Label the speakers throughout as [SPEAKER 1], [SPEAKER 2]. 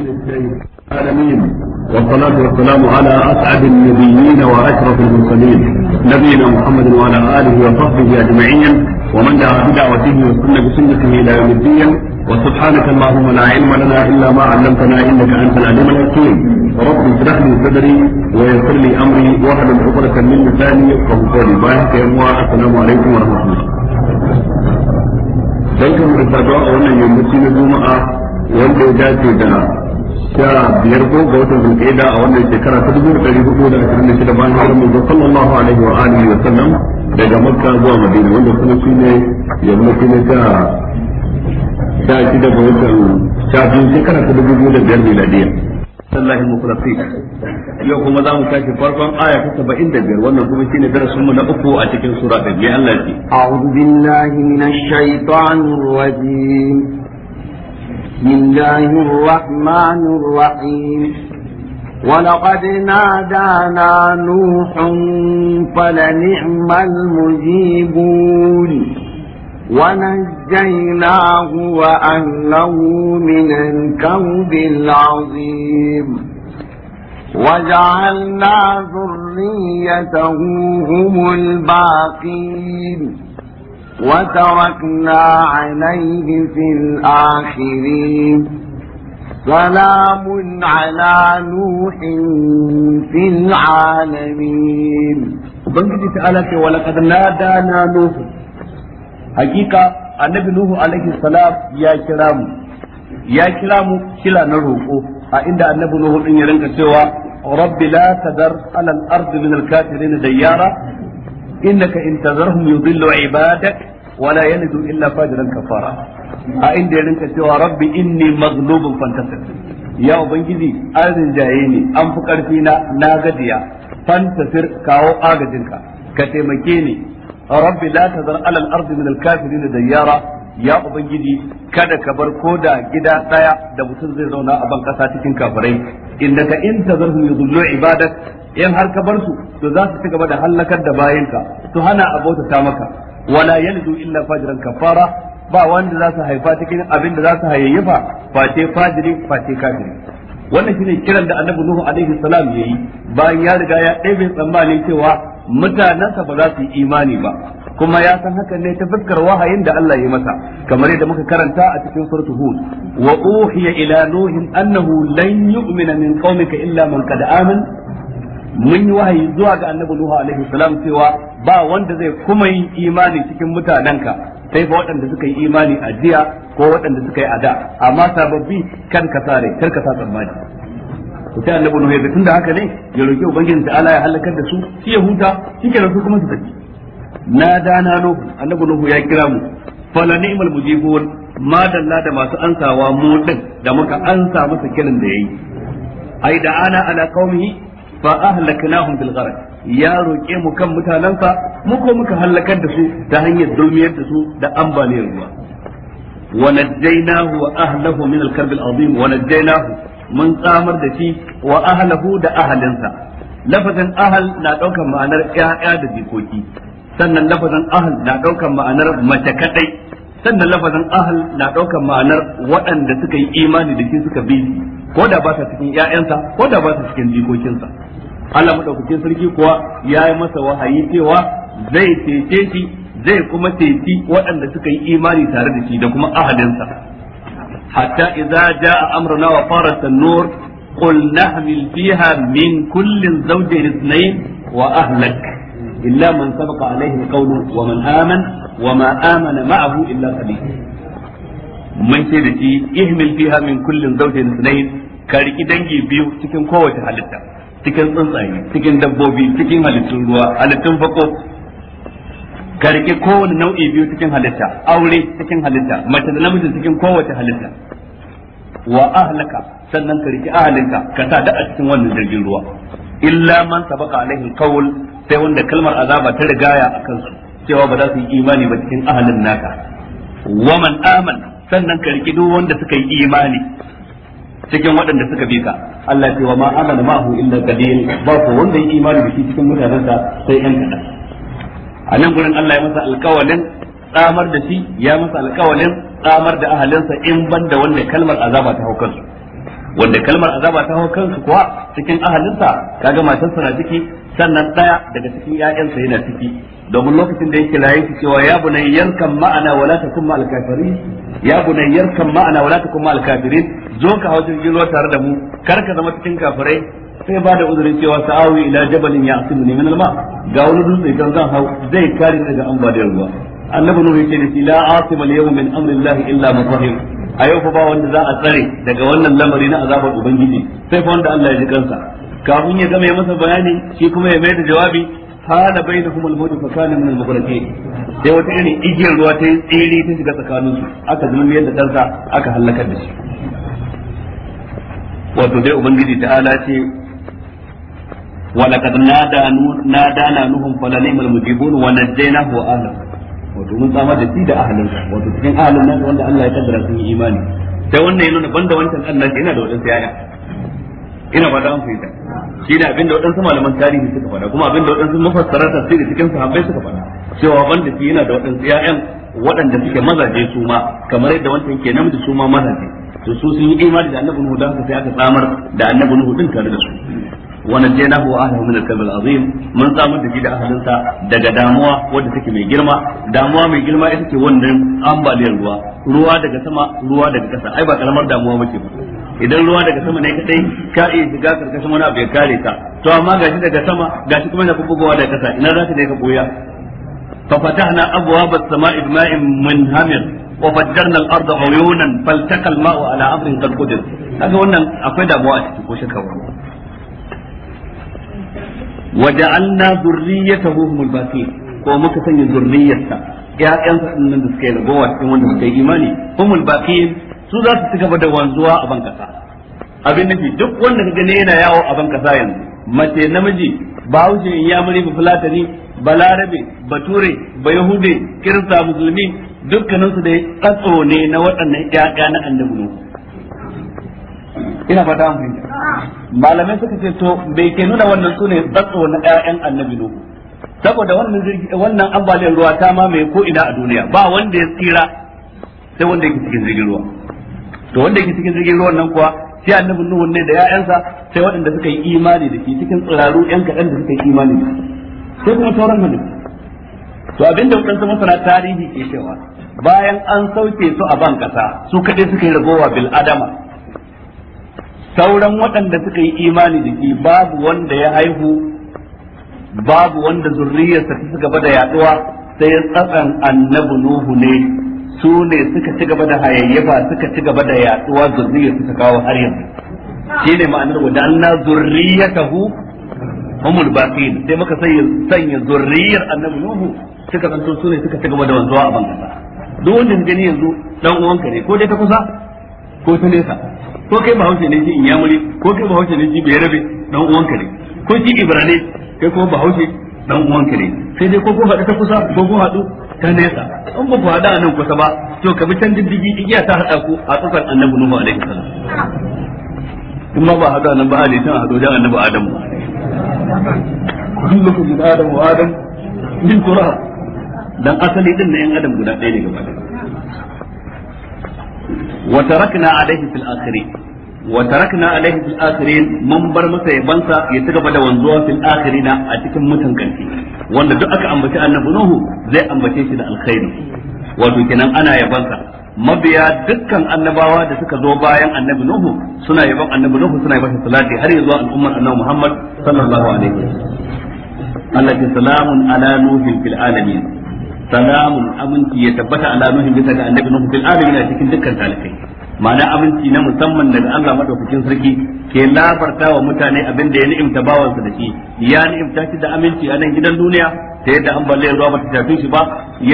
[SPEAKER 1] العالمين والصلاة والسلام على أسعد النبيين وأشرف المرسلين نبينا محمد وعلى آله وصحبه أجمعين
[SPEAKER 2] ومن دعا بدعوته وسن بسنته إلى يوم الدين وسبحانك اللهم لا علم لنا إلا ما علمتنا إنك أنت العليم الحكيم رب اشرح لي صدري ويسر لي أمري واحد عقدة من لساني يفقه قولي بارك يا السلام عليكم ورحمة الله Barkan mu da saduwa a wannan yammaci na Juma'a wanda ya dace da sha biyar ko ga watan zulqaida a wannan shekara ta dubu ɗari hudu da ashirin da shida bayan hijirar manzo sallallahu alaihi wa alihi wa sallam daga makka zuwa madina wanda kuma shine yanzu shine ta sha shida ga watan sha biyu shekara ta dubu biyu da biyar miladiya الله المخلصين يوم ما دام كاشف فرقم آية كتب إن دبير وأنا كم سنة درس من أفو أتكن سورة يا الله أعوذ
[SPEAKER 3] بالله من الشيطان الرجيم بسم الله الرحمن الرحيم ولقد نادانا نوح فلنعم المجيبون ونجيناه وأهله من الكرب العظيم وجعلنا ذريته هم الباقين وتركنا عليه في الآخرين سلام على نوح في العالمين ubangiji ta ala ce wala kad nadana nuhu
[SPEAKER 2] hakika annabi nuhu alaihi salam ya kira mu ya kira mu kila na roƙo a inda annabi nuhu ɗin ya rinka cewa rabbi la tadar ala al-ard min al-kafirin innaka in tazarhum yudillu ibadak wala yalidu illa fajiran kafara a inda ya rinka cewa rabbi inni maghlubun fantasir ya ubangiji azin jaye ne an fi karfi na na gadiya fantasir kawo agajinka ka taimake ni A rabbi la tazar alal ardi min al kafirin dayyara ya ubangiji kada ka bar ko da gida daya da mutum zai zauna a ban kasa cikin kafirai innaka in tazarhum yudullu ibadat in har ka bar su to za su ci gaba da halakar da bayanka su hana abota ta maka wala yalidu illa fajiran kafara ba wanda za su haifa cikin abin da za su hayayyafa face fajiri face kafiri wannan shine kiran da annabi nuhu alaihi salam yayi bayan ya riga ya ɗebe tsammanin cewa mutanensa ba za su yi imani ba kuma ya san hakan ne ta fuskar wahayin da Allah ya masa kamar yadda muka karanta a cikin suratul hud wa uhiya ila nuhin annahu lan yu'mina min qaumika illa man qad aman mun yi wahayi zuwa ga annabi nuhu alaihi salam cewa ba wanda zai kuma yi imani cikin mutanenka sai fa waɗanda suka yi imani a jiya ko waɗanda suka yi a da amma sababbi kan ka sare kar ka sa tsammani ku annabi nuhu ya tunda haka ne ya roki ubangiji ta ala ya halakar da su shi ya huta shi kenan su kuma su tafi na dana nuhu annabi nuhu ya kira mu fala ni'mal mujibun ma dalla da masu ansawa mu din da muka ansa masa kilin da yayi ai da ana ala qaumihi fa ahlaknahum bil gharq ya roke mu kan mutanansa mu ko muka halakar da su ta hanyar dumiyar da su da ambaliyar ruwa wa najjaynahu wa ahlahu min al karb al azim wa najjaynahu mun tsamar da shi wa ahlahu da ahalinsa lafazin ahal na daukar ma'anar ƴaƴa da jikoki sannan lafazan ahal na daukan ma'anar mace kadai sannan lafazan ahal na daukan ma'anar waɗanda suka yi imani da shi suka bi ko da ba sa cikin ƴaƴansa ko da ba sa cikin jikokinsa Allah madaukakin sarki kuwa ya yi masa wahayi cewa zai cece shi zai kuma ceci waɗanda suka yi imani tare da shi da kuma ahalinsa hatta idza jaa amruna wa farat an-nur qul nahmil fiha min kullin zawjayn ithnayn wa ahlak illa man sabaqa alaihi alqawlu wa man amana wa ma amana ma'ahu illa qalil man ce da shi ihmil fiha min kullin zawjin sunayn ka riki dangi biyu cikin kowace halitta cikin tsuntsaye cikin dabbobi cikin halittun ruwa halittun fako ka rike kowane nau'i biyu cikin halitta aure cikin halitta mace da namiji cikin kowace halitta wa ahlaka sannan ka rike ahlinka ka da a cikin wannan jirgin ruwa illa man sai wanda kalmar azaba ta rigaya a kansu cewa ba za su yi imani ba cikin ahalin naka waman aman sannan ka riki duk wanda suka yi imani cikin waɗanda suka bi ka Allah ce wa ma amana ma'ahu illa qalil ba ko wanda yake imani da shi cikin mutanen sai ɗan kaɗan a nan gurin Allah ya masa alƙawalin tsamar da shi ya masa alƙawalin tsamar da ahalinsa in ban da wanda kalmar azaba ta hau wanda kalmar azaba ta hau kansu kuwa cikin ahalinsa kaga matarsa na ciki sannan daya daga cikin ƴaƴansa yana ciki domin lokacin da yake laye shi cewa ya bunai yarkan ma'ana wala takum ma'al kafirin ya bunai yarkan ma'ana wala takum kuma kafirin zo ka hau jirgin ruwa tare da mu kar ka zama cikin kafirai sai ba da uzurin cewa sa'awi ila jabalin ya'simuni min al ga wani dutse idan zan hau zai kare daga ambaliyar ruwa annabi nuhu yake da la asima al-yawma min amri illa man a yau fa ba wanda za a tsare daga wannan lamari na azabar ubangiji sai fa wanda Allah ya ji kansa kafin ya gama ya masa bayani shi kuma ya mai da jawabi hala bainakum al-maut fa kana min al-mughraqin sai wata ne igiyar ruwa ta tsiri ta shiga tsakanin su aka zama yadda kansa aka halaka da shi wato dai ubangiji ta'ala ce nuhum fa lanimul mujibun wa najaynahu wa واهله wato mun tsama da shi da ahalin wato cikin ahalin nan wanda Allah ya kaddara sun yi imani sai wannan yana banda wancan Allah yana da wadansu yaya ina ba da an fahimta shi ne abinda wadansu malaman tarihi suka faɗa kuma abinda wadansu mafassara tafsiri cikin sahabbai suka faɗa cewa banda shi yana da wadansu yayan waɗanda suke mazaje su ma kamar yadda wancan ke namiji su ma mazaje to su sun yi imani da annabi Nuhu da sai aka samar da annabi Nuhu din tare da su ونجيناه واهله من الكرب العظيم من سامو دكي da ahalinsa daga damuwa wadda take mai girma damuwa mai girma ita ce wannan ambaliyar ruwa ruwa daga sama ruwa daga kasa ai ba kalamar damuwa bace ba idan ruwa daga sama ne kadai ka iya shiga karkashin wani abu ya kare ka to amma gashi daga sama gashi kuma yana bubbugowa daga kasa ina za ka je ka boya fa fatahna abwaaba as-sama'i bima'in munhamir wa fajjarna al-ardha uyunan faltaqa al-ma'u ala amrin qad qadir kaga wannan akwai damuwa a cikin ko shakka waja'alna dhurriyyatahu humul baaqin ko muka sanya zurriyarsa ƴaƴansa din nan da suka yi ragowa cikin wanda suka yi imani humul baqin su za su ci gaba da wanzuwa a ban kasa abin nufi duk wanda ka gani yana yawo a ban kasa yanzu mace namiji bahaushe ya mure ba fulatani balarabe bature ba yahude kirista musulmi dukkaninsu dai tsatso ne na waɗannan ƴaƴa na annabi ina fata an fahimta malamai suka ce to bai ke nuna wannan sune batsu na ƴaƴan annabi nuhu saboda wannan wannan ambaliyar ruwa ta mamaye ko ina a duniya ba wanda ya tsira sai wanda yake cikin jirgin ruwa to wanda yake cikin jirgin ruwan nan kuwa sai annabi nuhu ne da ƴaƴansa sai waɗanda suka yi imani da shi cikin tsiraru ƴan kaɗan da suka yi imani da sai kuma sauran hadisi to abinda waɗansu masana tarihi ke cewa bayan an sauke su a ban kasa su kaɗai suka yi ragowa bil adama sauran waɗanda suka yi imani da shi babu wanda ya haihu babu wanda zurriyarsa ta gaba da yaduwa sai tsatsan annabi nuhu ne su ne suka ci gaba da hayayyafa suka ci gaba da yaduwa zurriyarsa ta kawo har yanzu Shi ne ma'anar wa da'anna zurriyatahu humul baqin sai muka sanya sanya zurriyar annabi nuhu suka zanto su ne suka ci gaba da wanzuwa a ban duk wanda gani yanzu dan uwanka ne ko dai ta kusa ko ta nesa ko kai bahaushe ne shi inyamuri ko kai bahaushe ne shi rabe dan ka ne ko shi ibrane kai kuma bahaushe dan ka ne sai dai ko ko hadu ta kusa ko ko hadu ta nesa An ba ku haɗu nan kusa ba to ka bi can diddigi igiya ta hada ku a tsakar annabi nuhu alaihi salam kuma ba hada nan ba ne can a haɗu annabi adamu kullukum min adam wa adam min turab dan asali din na yan adam guda ɗaya ne gaba ɗaya Watarak tarakna alaihi fil akhirin wa tarakna alaihi fil akhirin mun bar masa yabansa ya cigaba gaba da wanzuwa fil na a cikin mutan kanti wanda duk aka ambaci annabi zai ambace shi da mabiya dukkan annabawa da suka zo bayan annabi nuhu suna yaban annabi nuhu suna yaban salati har yanzu al'ummar annabi muhammad sallallahu alaihi wasallam Allah ya salamun ala nuhin fil alamin Salamun aminci ya tabbata ala nuhin bisa ga annabi nuhu fil alamin cikin dukkan talibai ma'ana aminci na musamman daga Allah madaukakin sarki ke labarta wa mutane abin da ya ni'imta bawansa da shi ya ni'imta shi da aminci a nan gidan duniya ta yadda an balle ruwa bata tafi shi ba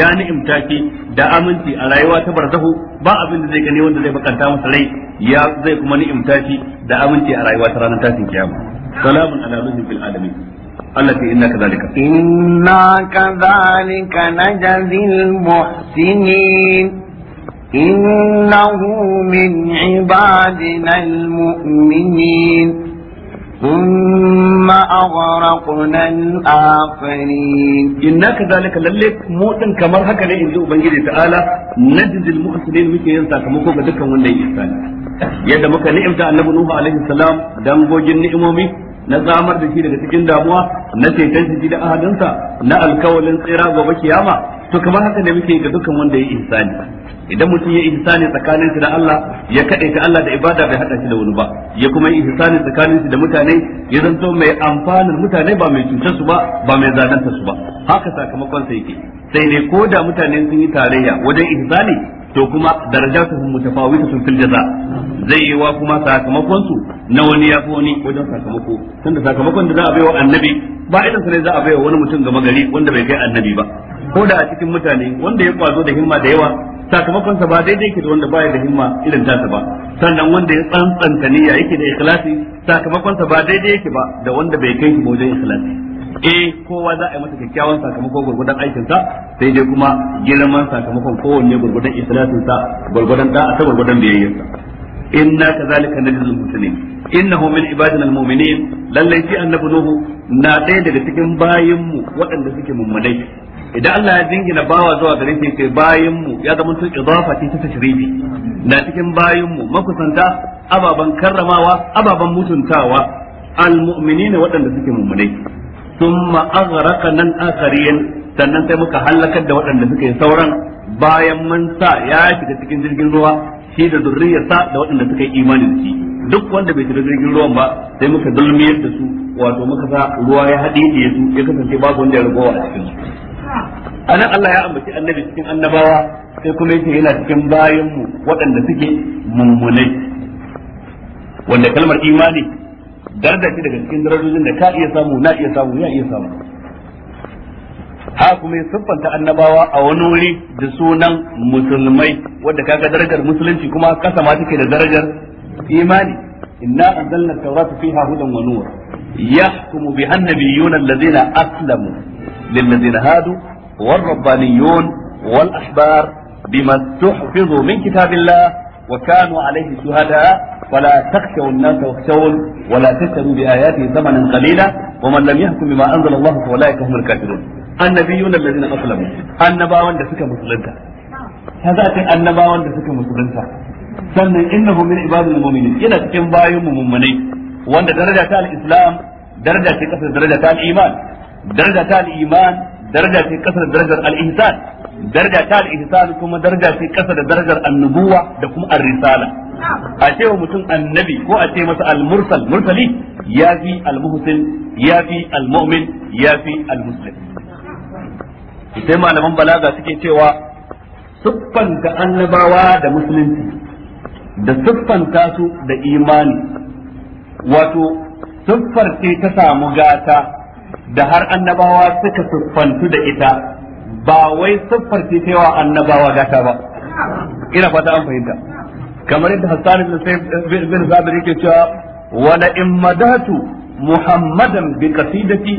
[SPEAKER 2] ya ni'imta shi da aminci a rayuwa ta barzahu ba abin da zai gani wanda zai bakanta masa rai ya zai kuma ni'imta shi da aminci a rayuwa ta ranar tashin kiyama salamun ala nuhin alamin Allah fi inna kadhalika inna
[SPEAKER 3] kadhalika najzil muhsinin innahu min ibadina almu'minin Umma a warakunan afani. Inna ka zalika lalle motsin kamar haka ne in
[SPEAKER 2] Ubangiji ta'ala na jizil muka muke yin sakamako ga dukkan wannan isa. Yadda muka ni'imta annabi Nuhu alaihi salam dangogin ni'imomi na zamar da shi daga cikin damuwa na ceton shi da ahalinsa na alkawalin tsira gobe kiyama to kamar haka ne muke ga dukkan wanda ya insani idan mutum ya insani tsakanin shi da Allah ya kade ta Allah da ibada bai hada shi da wani ba ya kuma yi insani tsakanin shi da mutane ya zanto mai amfanar mutane ba mai cutar su ba ba mai zanantar su ba haka sakamakon sa yake sai dai ko da mutane sun yi tarayya wajen insani to kuma darajatuhum sun fil jaza zai yi wa kuma sakamakon su na wani ya fi wani wajen sakamako tunda sakamakon da za a baiwa annabi ba irin sai za a baiwa wani mutum ga magari wanda bai kai annabi ba ko da a cikin mutane wanda ya kwazo da himma da yawa sakamakon sa ba daidai yake da wanda baya da himma irin tasa ba sannan wanda ya tsantsanta niyya yake da ikhlasi sakamakon sa ba daidai yake ba da wanda bai kai shi bojan ikhlasi eh kowa za a yi masa kyakkyawan sakamakon gurgudan aikin sa sai dai kuma girman sakamakon kowanne gurgudan ikhlasin sa gurgudan da'a ta gurgudan biyayyar sa inna kazalika najzul muslimin innahu min ibadina almu'minin lallai shi annabi nuhu na ɗaya daga cikin bayin mu waɗanda suke mummunai idan Allah ya dingina bawa zuwa gare shi sai bayin mu ya zama tun idafa ce ta tashribi na cikin bayin mu makusanta ababan karramawa ababan mutuntawa almu'minin waɗanda suke mummunai thumma aghraqna nan akharin sannan sai muka halakar da waɗanda suke sauran bayan mun sa ya shiga cikin jirgin ruwa shi da zurriyarsa da waɗanda suka yi imani da shi duk wanda bai shiga jirgin ruwan ba sai muka dulmiyar da su wato muka sa ruwa ya haɗe da su ya kasance babu wanda ya ragowa a cikin a nan Allah ya ambaci annabi cikin annabawa sai kuma yake yana cikin bayanmu waɗanda suke mummunai wanda kalmar imani darda shi daga cikin darajojin da ka iya samu na iya samu ya iya samu ha kuma ya siffanta annabawa a wani wuri da sunan musulmai wadda kaga darajar musulunci kuma kasa ma take da darajar imani inna anzalna tawrata fiha hudan wa nur yahkumu bi annabiyuna alladhina aslamu lilladhina hadu والربانيون والأحبار بما استحفظوا من كتاب الله وكانوا عليه شهداء فلا تخشوا الناس واخشون ولا تشتروا بآياته ثمنا قليلا ومن لم يحكم بما أنزل الله فأولئك هم الكافرون annabiyuna allazina aslamu annabawan da suka musulunta ta za ta annabawan da suka musulunta sannan innahu min ibadil mu'minin yana cikin bayan mu mummunai wanda daraja ta al-islam daraja ce kasar daraja ta al-iman daraja ta al-iman daraja ce kasar darajar al-ihsan daraja ta al-ihsan kuma daraja ce kasar darajar annubuwa da kuma ar-risala a ce wa mutum annabi ko a ce masa al-mursal mursali ya fi al-muhsin ya fi al-mu'min ya fi al-muslim sai malaman balaga suke cewa siffanta annabawa da musulunci da siffanta su da imani wato siffar ce ta samu gata da har annabawa suka siffantu da ita ba wai siffar ce cewa annabawa gata ba ina fata an fahimta kamar yadda Hassan bin Sabir yake cewa wala in madatu muhammadan bi qasidati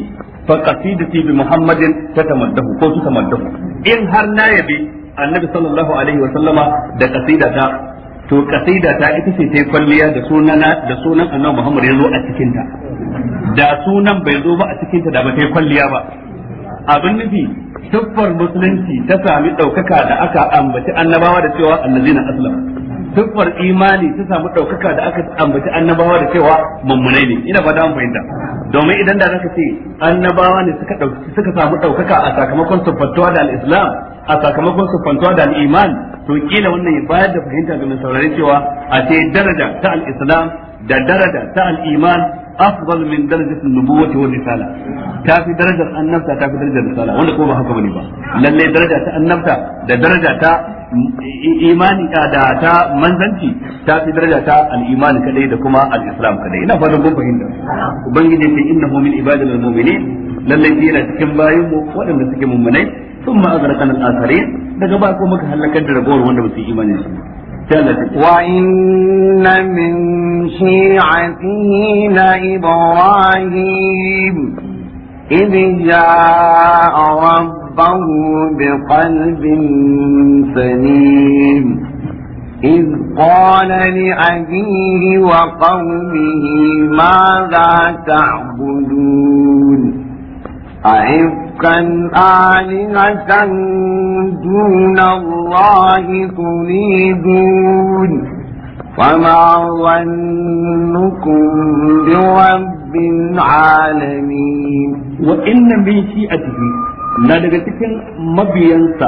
[SPEAKER 2] fa qasidati bi muhammadin tatamaddahu ko tutamaddahu in har na yabi annabi sallallahu alaihi wa sallama da kasidata. to qasidata ita ce tai kwalliya da sunana da sunan annabi muhammad yazo a cikin da sunan bai zo ba a da ba kwalliya ba abin nufi tuffar musulunci ta sami ɗaukaka da aka ambaci annabawa da cewa allazina aslam. siffar imani ta samu ɗaukaka da aka ambaci annabawa da cewa mummunai ne ina fata mun fahimta domin idan da zaka ce annabawa ne suka ɗauki suka samu ɗaukaka a sakamakon siffantuwa da al-islam a sakamakon siffantuwa da al-iman to kila wannan ya bayar da fahimta ga mai saurare cewa a ce daraja ta al-islam da daraja ta al-iman afdal min an nubuwati wa risala ta fi darajar annabta ta fi darajar risala wanda ko ba haka bane ba lalle daraja ta annabta da daraja ta imani da ta manzanci ta fi daraja ta al'imani kadai da kuma al'islam kadai ina fadin kun fahimta ubangiji ce innahu min ibadil mu'minin fiye yana cikin bayin mu waɗanda suke mummunai thumma azraqana al-akharin daga ba ko muka halakar da ragowar wanda imanin su imani وإن
[SPEAKER 3] من شيعته لإبراهيم إذ جاء رب ربه بقلب سليم إذ قال لأبيه وقومه ماذا تعبدون أعفكا آلهة دون الله تريدون فما ظنكم برب العالمين
[SPEAKER 2] وإن من شيئته na daga cikin mabiyansa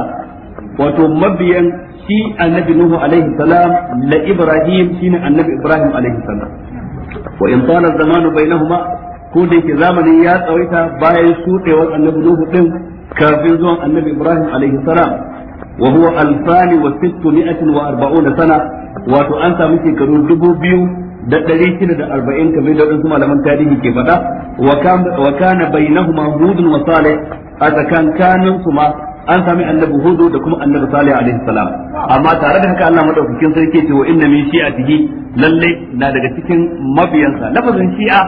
[SPEAKER 2] wato mabiyan shi annabi nuhu alaihi salam la ibrahim shine annabi ibrahim alaihi salam wa in tala zamanu bainahuma ko da yake zamanin ya tsawaita bayan shudewar annabi nuhu din kafin zuwan annabi ibrahim alaihi salam wa huwa alfani wa sittu mi'atin wa sana wato an samu shekaru dubu biyu da ɗari shida da arba'in kamar da wadansu malaman tarihi ke faɗa wa kana bainahuma hudun wa salih a tsakankanin su ma an sami annabi hudu da kuma annabi salih alaihi salam amma tare da haka Allah madaukakin sarki ce wa inna min shi'atihi lalle na daga cikin mabiyansa lafazin shi'a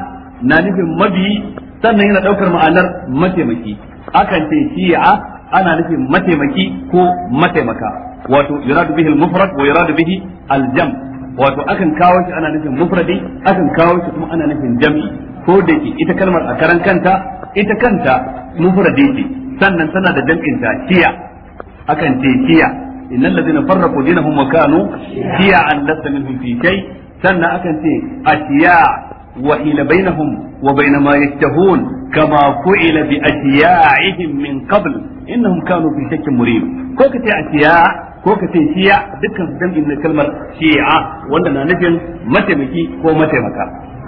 [SPEAKER 2] na nufin mabi sannan yana daukar ma'anar mataimaki akan ce shi'a ana nufin mataimaki ko mataimaka wato yuradu bihi al-mufrad wa yuradu bihi al-jam' wato akan kawo shi ana nufin mufradi akan kawo shi kuma ana nufin jam'i ko da ke ita kalmar a karan kanta ita kanta mufradi ce sannan tana da jam'in ta shiya akan ce shiya innal ladina farraqu dinahum wa kanu shiya an lasta minhum fi shay sannan akan ce ashiya wa ila bainahum wa bain ma yashtahun kama fu'ila bi ashiyaihim min qabl innahum kanu fi shakkin murib ko kace ashiya ko ka ce shiya dukkan jam'in na kalmar shi'a wanda na nufin mataimaki ko mataimaka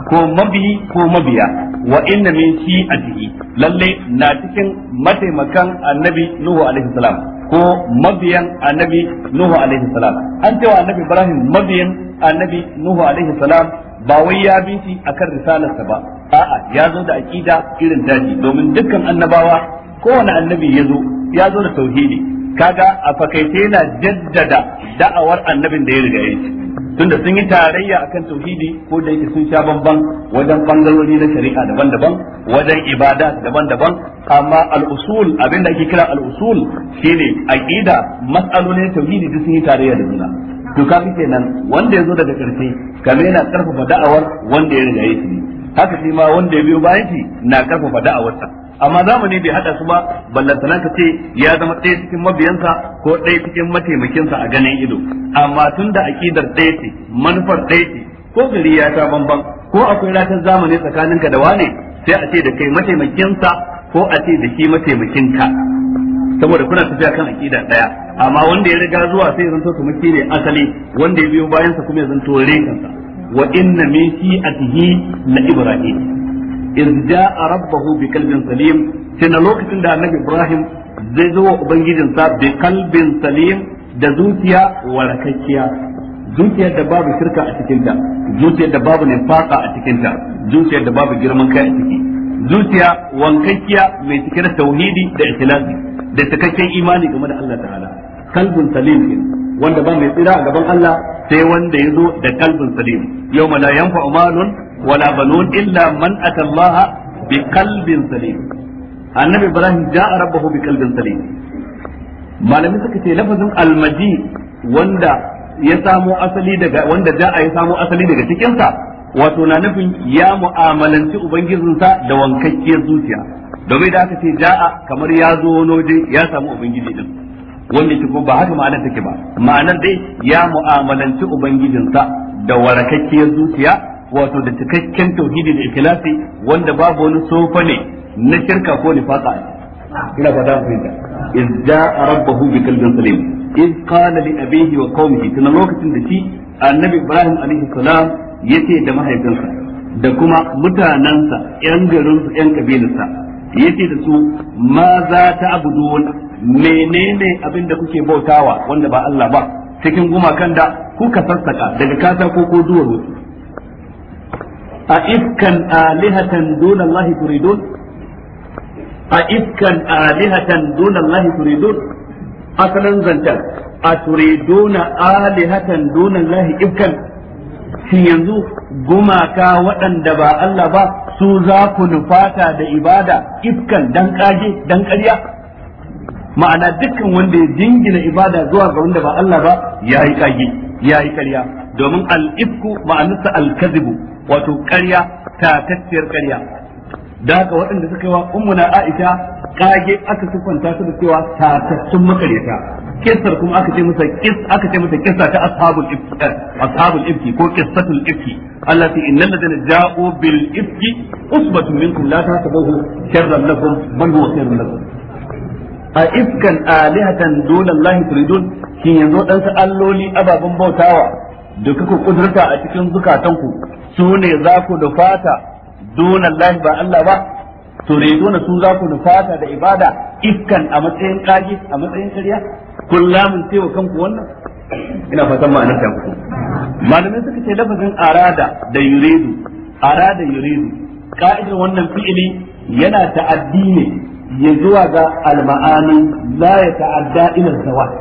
[SPEAKER 2] ko mabiyi ko mabiya wa inna min jiki. lalle na cikin mataimakan annabi nuhu alaihi salam ko mabiyan annabi nuhu alaihi salam an cewa annabi ibrahim mabiyan annabi nuhu alaihi salam ba wai ya bi shi akan risalarsa ba a'a ya zo da aqida irin daji domin dukkan annabawa kowane annabi ya zo ya zo da tauhidi kaga a fakaice yana jaddada da'awar annabin da ya riga ya ci tunda sun yi tarayya akan tauhidi ko da yake sun sha bamban wajen bangarori na shari'a daban-daban wajen ibada daban-daban amma al-usul da ake kira al-usul shine aqida mas'alolin tauhidi duk sun yi tarayya da juna to fi kenan wanda yazo daga karshe kame yana karfafa da'awar wanda ya riga ci haka shi ma wanda ya biyo bayan shi na karfafa da'awarsa amma zamani bai hada su ba ballantana ka ce ya zama ɗaya cikin mabiyansa ko ɗaya cikin mataimakinsa a ganin ido amma tun da akidar ɗaya ce manufar ɗaya ce ko gari ya ta bamban ko akwai ratar zamani tsakaninka da wane sai a ce da kai mataimakinsa ko a ce da shi mataimakinka saboda kuna tafiya kan aƙidar ɗaya. amma wanda ya riga zuwa sai ya zanto tumaki ne asali wanda ya biyo bayansa kuma ya zanto rekansa wa inna min shi'atihi la ibrahim izja a rabbahu bi kalbin salim tana lokacin da annabi ibrahim zai zo wa ubangijinsa bi kalbin salim da zuciya warakakkiya zuciyar da babu shirka a cikinta zuciyar da babu nifaka a cikinta zuciyar da babu girman kai a ciki zuciya wankakkiya mai cike da tauhidi da ikhlasi da cikakken imani game da Allah ta'ala kalbun salim wanda ba mai tsira a gaban Allah sai wanda ya zo da kalbun salim yau la yanfa'u wala banun illa man atallaha bi qalbin salim annabi ibrahim ja'a rabbahu bi qalbin salim malamin suka ce lafazin almaji wanda ya samo asali daga wanda ja'a ya samo asali daga cikinsa. wato na nufin ya mu'amalanci ubangijinsa da wankakkiyar zuciya domin da aka ce ja'a kamar ya zo wani ya samu ubangiji din wanda ke ba haka ma'anar take ba ma'anar dai ya mu'amalanci ubangijinsa da warakakkiyar zuciya wato da cikakken tauhidi da ikhlasi wanda babu wani sofa ne na shirka ko nifaka ina fata ku da iz jaa rabbahu bi qalbin salim iz qala li abihi wa qaumihi tun lokacin da shi annabi ibrahim alaihi salam yace da mahaifinsa da kuma mutanansa yan garin su yan kabilarsa yace da su ma za ta abudun menene abin kuke bautawa wanda ba Allah ba cikin gumakan da kuka sassaka daga katako ko duwar a ifkan دون الله تريدون turidun a ifkan الله تريدون Allah turidun asalin zantar a الله alihatan duna ifkan shin yanzu gumaka waɗanda ba Allah ba su za ku nufata da ibada ifkan dan kage dan ƙarya ma'ana dukkan wanda ya jingina ibada zuwa ga wanda ba Allah ba kage yayi ƙarya domin al-ifku ma'anarsa al kazibu wato ƙarya tatacciyar ƙarya da haka waɗanda suka yi wa ummuna Aisha kage aka sufanta su da cewa tatattun makaryata kissar kuma aka ce masa kiss aka ce masa kissa ta ashabul ifki eh, ashabul ifki ko qissatul ifki allati innal ladina ja'u bil ifki usbatun minkum la tahsabuhu sharran lakum bal huwa khairun lakum a ifkan alihatan dole turidun shi yanzu dan alloli ababen bautawa da kuka kudurta a cikin zukatanku su ne za ku fata don Allah ba Allah ba to ne dole su za ku fata da ibada iskan a matsayin kaji a matsayin ƙarya kullamin sai wa kanku wannan ina fatan ma'anar ta ku malamai suka ce lafazin arada da yuridu arada yuridu ka'idar wannan fi'ili yana ta'addi ne ya zuwa ga alma'anin la ya ta'adda ila zawat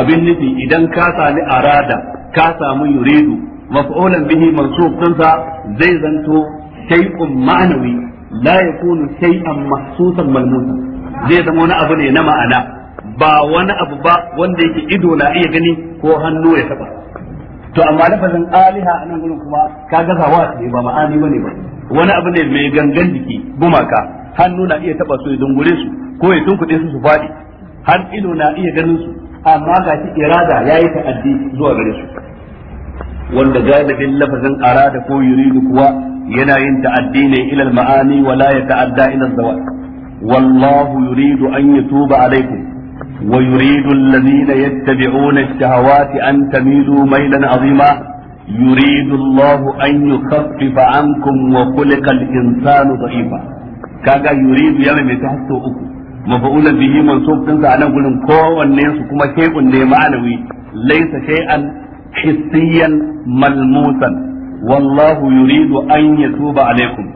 [SPEAKER 2] abin nufi idan ka sami arada ka samu yuridu maf'ulan bihi mansub dinsa zai zanto shay'un ma'anawi la yakunu shay'an mahsusan malmusa zai zama wani abu ne na ma'ana ba wani abu ba wanda yake ido na iya gani ko hannu ya taba to amma lafazin aliha a nan gurin kuma ka gaza wa ne ba ma'ani bane ba wani abu ne mai gangan jiki gumaka hannu na iya taba su ya dungure su ko ya tunkuɗe su su faɗi har ido na iya ganin su amma ga shi irada yi ta'addi zuwa gare su wanda galibin lafazin arada ko yuridu kuwa yana yin ta'addi ne ila maani wala ya ta'adda ila al wallahu yuridu an yatuba alaikum. wa yuridu alladhina yattabi'una ash-shahawati an tamilu maylan 'azima يريد الله أن يخفف عنكم وخلق الإنسان ضعيفا كاغا يريد يمي متحسو أكو mafa'ulan bihi mansub din sa anan gurin kowanne su kuma shay'un ne ma'anawi laysa shay'an hissiyan malmusan wallahu yuridu an yatuba alaikum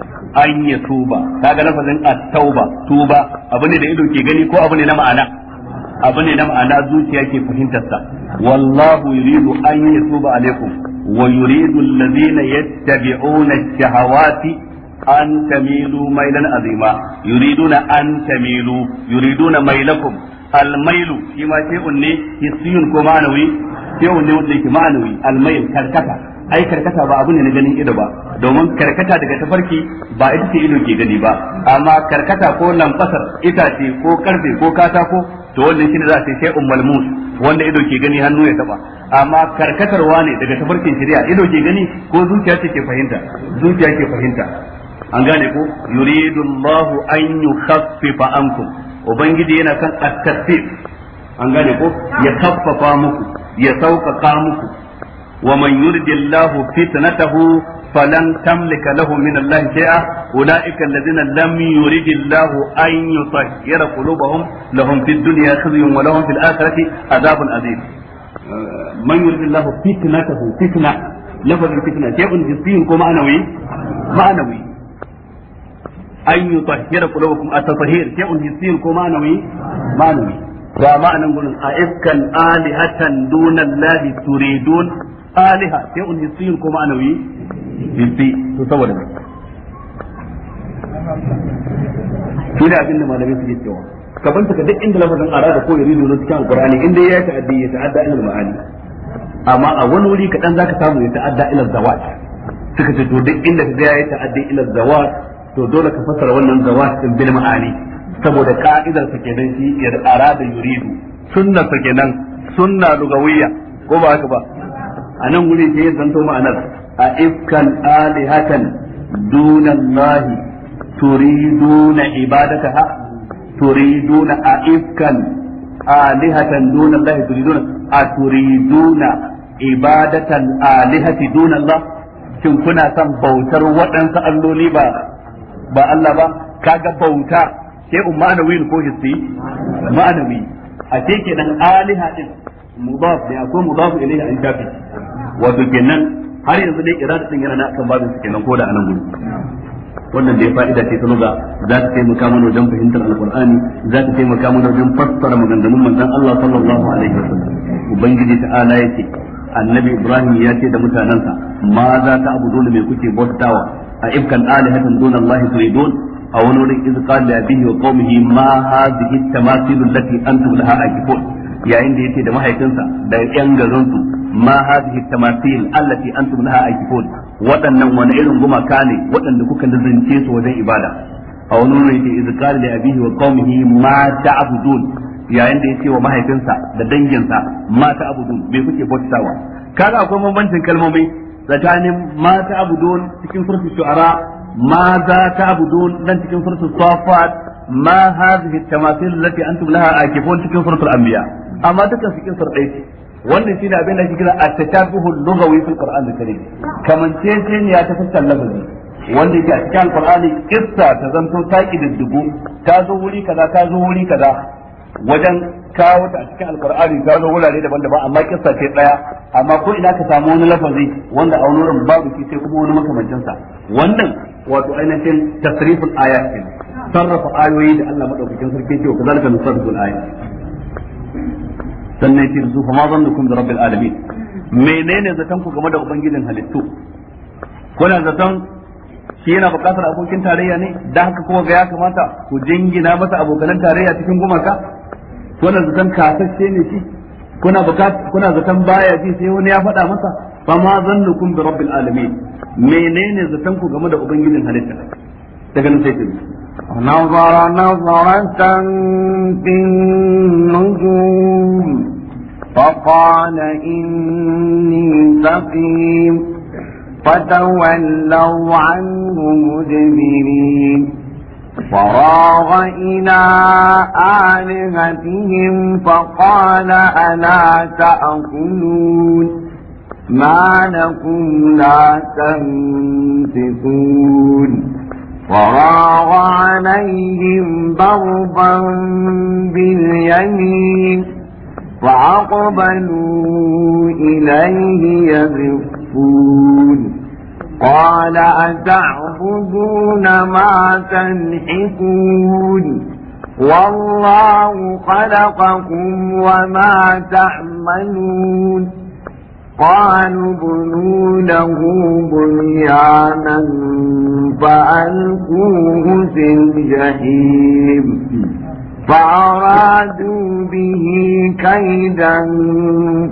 [SPEAKER 2] an yatuba kaga lafazin at-tauba tuba abu ne da ido ke gani ko abu ne na ma'ana abu ne na ma'ana zuciya ke fahimtar sa wallahu yuridu an yatuba alaikum wa yuridu alladhina yattabi'una ash-shahawati an tamilu mailan azima yuriduna an tamilu yuriduna mailakum almailu shi ma shay'un unne hissiyun ko ma'anawi shay'un unne wanda yake ma'anawi almail karkata ai karkata ba abu ne na ganin ido ba domin karkata daga tafarki ba ita ce ido ke gani ba amma karkata ko lamfasar itace ko karfe ko katako to wannan shine za a ce shay'un mus wanda ido ke gani hannu ya taba amma karkatarwa ne daga tafarkin shari'a ido ke gani ko zuciya ce ke fahimta zuciya ke fahimta an gane ko yuridu an yukhaffifa ankum ubangiji yana kan at-tasfif an gane ko ya kaffafa muku ya sauƙaƙa muku wa man yuridillahu fitnatahu falan tamlika lahu min Allah shay'a ulaika alladhina lam an yutahhira qulubahum lahum fid dunya khizyun wa lahum fil akhirati adhabun adhim uh, man yuridillahu fitnatahu fitna fitna ko ma'anawi ma'anawi an yi ko ma'anan gurin a iskan alihatan turidun aliha ko saboda mai shi da abin da malamai suke cewa ka duk inda lafazin arada ko cikin alqur'ani inda ya ta'addi ya ta'adda ilal ma'ani amma a wani wuri zaka samu ya ta'adda ilal zawat suka ce to duk inda ka ga ya ta'addi ilal zawat to dole ka fassara wannan zawat din bil ma'ani saboda ka'idar sa kenan shi ya arada yuridu sunnar sa kenan sunna lugawiyya ko ba haka ba a nan wuri sai zanto ma'anar a ifkan alihatan dunallahi turiduna ibadataha turiduna a ifkan alihatan dunallahi turiduna a turiduna ibadatan alihati dunallah shin kuna son bautar waɗansu alloli ba ba Allah ba kaga bauta sai ummanawi ko hissi ma'anawi a ce kenan aliha din mudaf ne akwai mudaf ilayhi an shafi wato kenan har yanzu dai irada din yana na kan babin su kenan ko da anan gudu wannan da dai fa'ida ce ta lugha za ta taimaka mana wajen fahimtar alqur'ani za ta taimaka mana wajen fassara maganganun manzon Allah sallallahu alaihi wasallam ubangiji ta'ala yake annabi ibrahim ya ce da mutanansa ma za ta abu dole mai kuke bautawa a ibkan alihatan dun Allah turidun a wani wurin iz qala li abihi wa qaumihi ma hadhihi at-tamasil allati antum laha akifun yayin da yace da mahaifinsa da yan garin su ma hadhihi at-tamasil allati antum laha waɗannan wani irin gumaka ne waɗanda kuka lizince su wajen ibada a wani wurin yace iz qala li wa qaumihi ma ta'budun yayin da yace wa mahaifinsa da danginsa ma ta'budun bai kuke bautawa kaga akwai bambancin kalmomi tsakanin ma ta'budun cikin suratul shu'ara ma za ta'budun dan cikin suratul safat ma hadhihi tamathil allati antum laha akifun cikin suratul anbiya amma dukkan cikin suratul wannan shine abin da ake kira at-tatabuhu lughawi fil qur'an al-karim kamanceceniya ta fuskar lafazi
[SPEAKER 1] wanda yake a cikin alkur'ani
[SPEAKER 2] kissa ta zanto ta kididdigu ta zo wuri kaza ta zo wuri kaza wajen kawo ta a cikin alkur'ani ta zo wurare daban-daban amma kissa ce daya amma ko ina ka samu wani lafazi wanda a wani babu shi sai kuma wani makamancin sa wannan wato ainihin tasriful ayati sarrafa ayoyi da Allah madaukakin sarki ce ku zalika nusarriful ayat sannan ce su fa ma zannukum da rabbil alamin menene zaton ku game da ubangijin halittu kuna zaton shi yana bukatar abokin tarayya ne da haka kuma ga ya kamata ku jingina masa abokan tarayya cikin gumaka kuna zaton kasashe ne shi kuna bukat kuna zaton baya ji sai wani ya faɗa masa fa ma zannukum bi rabbil alamin menene zaton ku game da ubangijin halitta daga nan sai نظر
[SPEAKER 3] نظرة في النجوم فقال إني سقيم فتولوا عنه مدبرين فراغ إلى آلهتهم فقال ألا تأكلون ما لكم لا تنفقون فراغ عليهم ضربا باليمين فأقبلوا إليه يزفون قال أتعبدون ما تنحتون والله خلقكم وما تعملون قالوا بنوا له بنيانا فألقوه في الجحيم فأرادوا به كيدا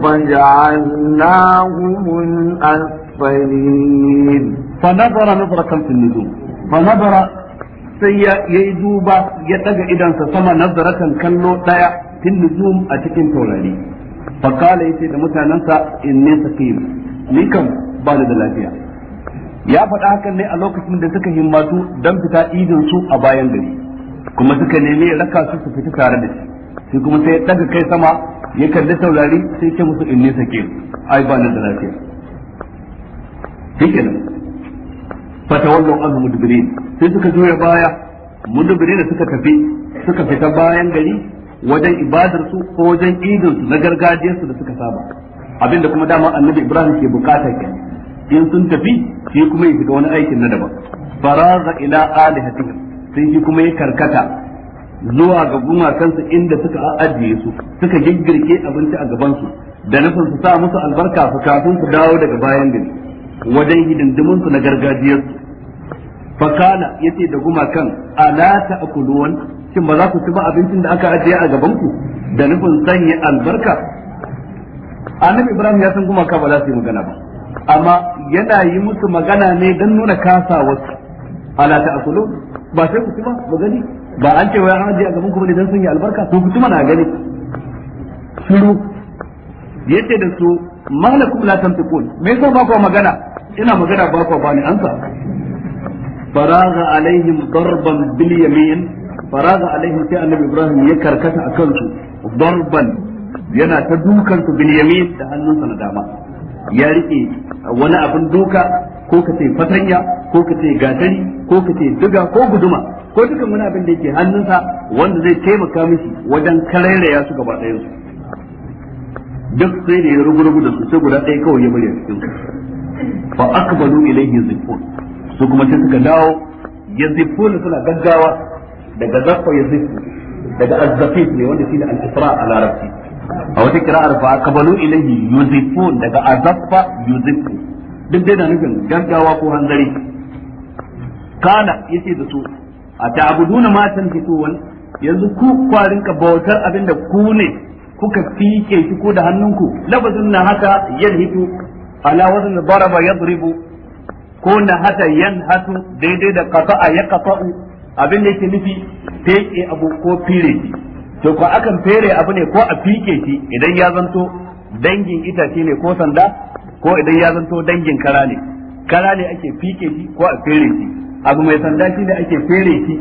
[SPEAKER 3] فجعلناهم الأسفل المرسلين فنظر نظرة في النجوم فنظر سيدوب
[SPEAKER 2] يتجع إذا سما نظرة كاللو تايا في النجوم أتكين تولاني فقال يسي لمتى ننسى إني ya faɗa hakan ne a lokacin da suka himmatu don fita idin su a bayan gari kuma ya raka su su fita tare da shi ya daga kai sama ya kalli taurari sai ke musu inni sake shikenan fatawallu an mudbirin sai suka juya baya da suka tafi suka fita bayan gari wajen ibadar su ko wajen idinsu su na gargajiyar su da suka saba abinda kuma dama annabi ibrahim ke bukata ke in sun tafi shi kuma ya shiga wani aikin na daban faraza ila alihatihim sai shi kuma ya karkata zuwa ga gumakansu inda suka ajiye su suka giggirke abinci a gaban su da nufin su sa musu albarka su kafin su dawo daga bayan gari wajen hidindimin su na gargajiyar su ya yace da gumakan ala ta'kulun shin ba za ku ci ba abincin da aka ajiye a gaban ku da nufin sanya albarka annabi ibrahim ya san gumaka ba za su yi magana ba amma yana yi musu magana ne don nuna kasa wasu ala akulu. ba sai ku ci ba ba gani ba an ce wai an ajiye a gaban ku ne don sanya albarka to ku ci mana gani shiru yace da su malakum la tantiqun me yasa ba ku magana ina magana ba ku bani ansa faraga alaihim darban bil yamin faraga alaihim sai annabi ibrahim ya karkata akan su darban yana ta dukan su bil yamin da hannunsa na dama ya rike wani abin duka ko ka ce fatanya ko ka ce gatari ko ka ce duga, ko guduma ko dukan wani abin da yake hannunsa wanda zai taimaka mishi wajen ya su gaba ɗayan duk sai da ya rugu rugu da su sai guda ɗaya kawai ya murya cikin su fa aqbalu ilayhi yazifun su kuma sai suka dawo yazifun suna gaggawa daga zaffa yazifun. daga azzafif ne wanda shine al-isra a larabci a wata kira'ar fa aqbalu ilayhi yuzifun daga azaffa yuzifu duk dai na nufin gaggawa ko hanzari kana yace da su a ta'buduna ma tanfitun yanzu ku kwarin ka bautar abinda ku ne kuka fike shi ko da hannunku lafazin na haka yalhitu ala wazn daraba yadribu ko yan yanhatu daidai da qata'a ya qata'u abin da yake nufi feke abu ko fire shi to ko akan fere abu ne ko a fike shi idan ya zanto dangin itace ne ko sanda ko idan ya zanto dangin kara ne kara ne ake fike shi ko a fere shi abu mai sanda shi ne ake fere shi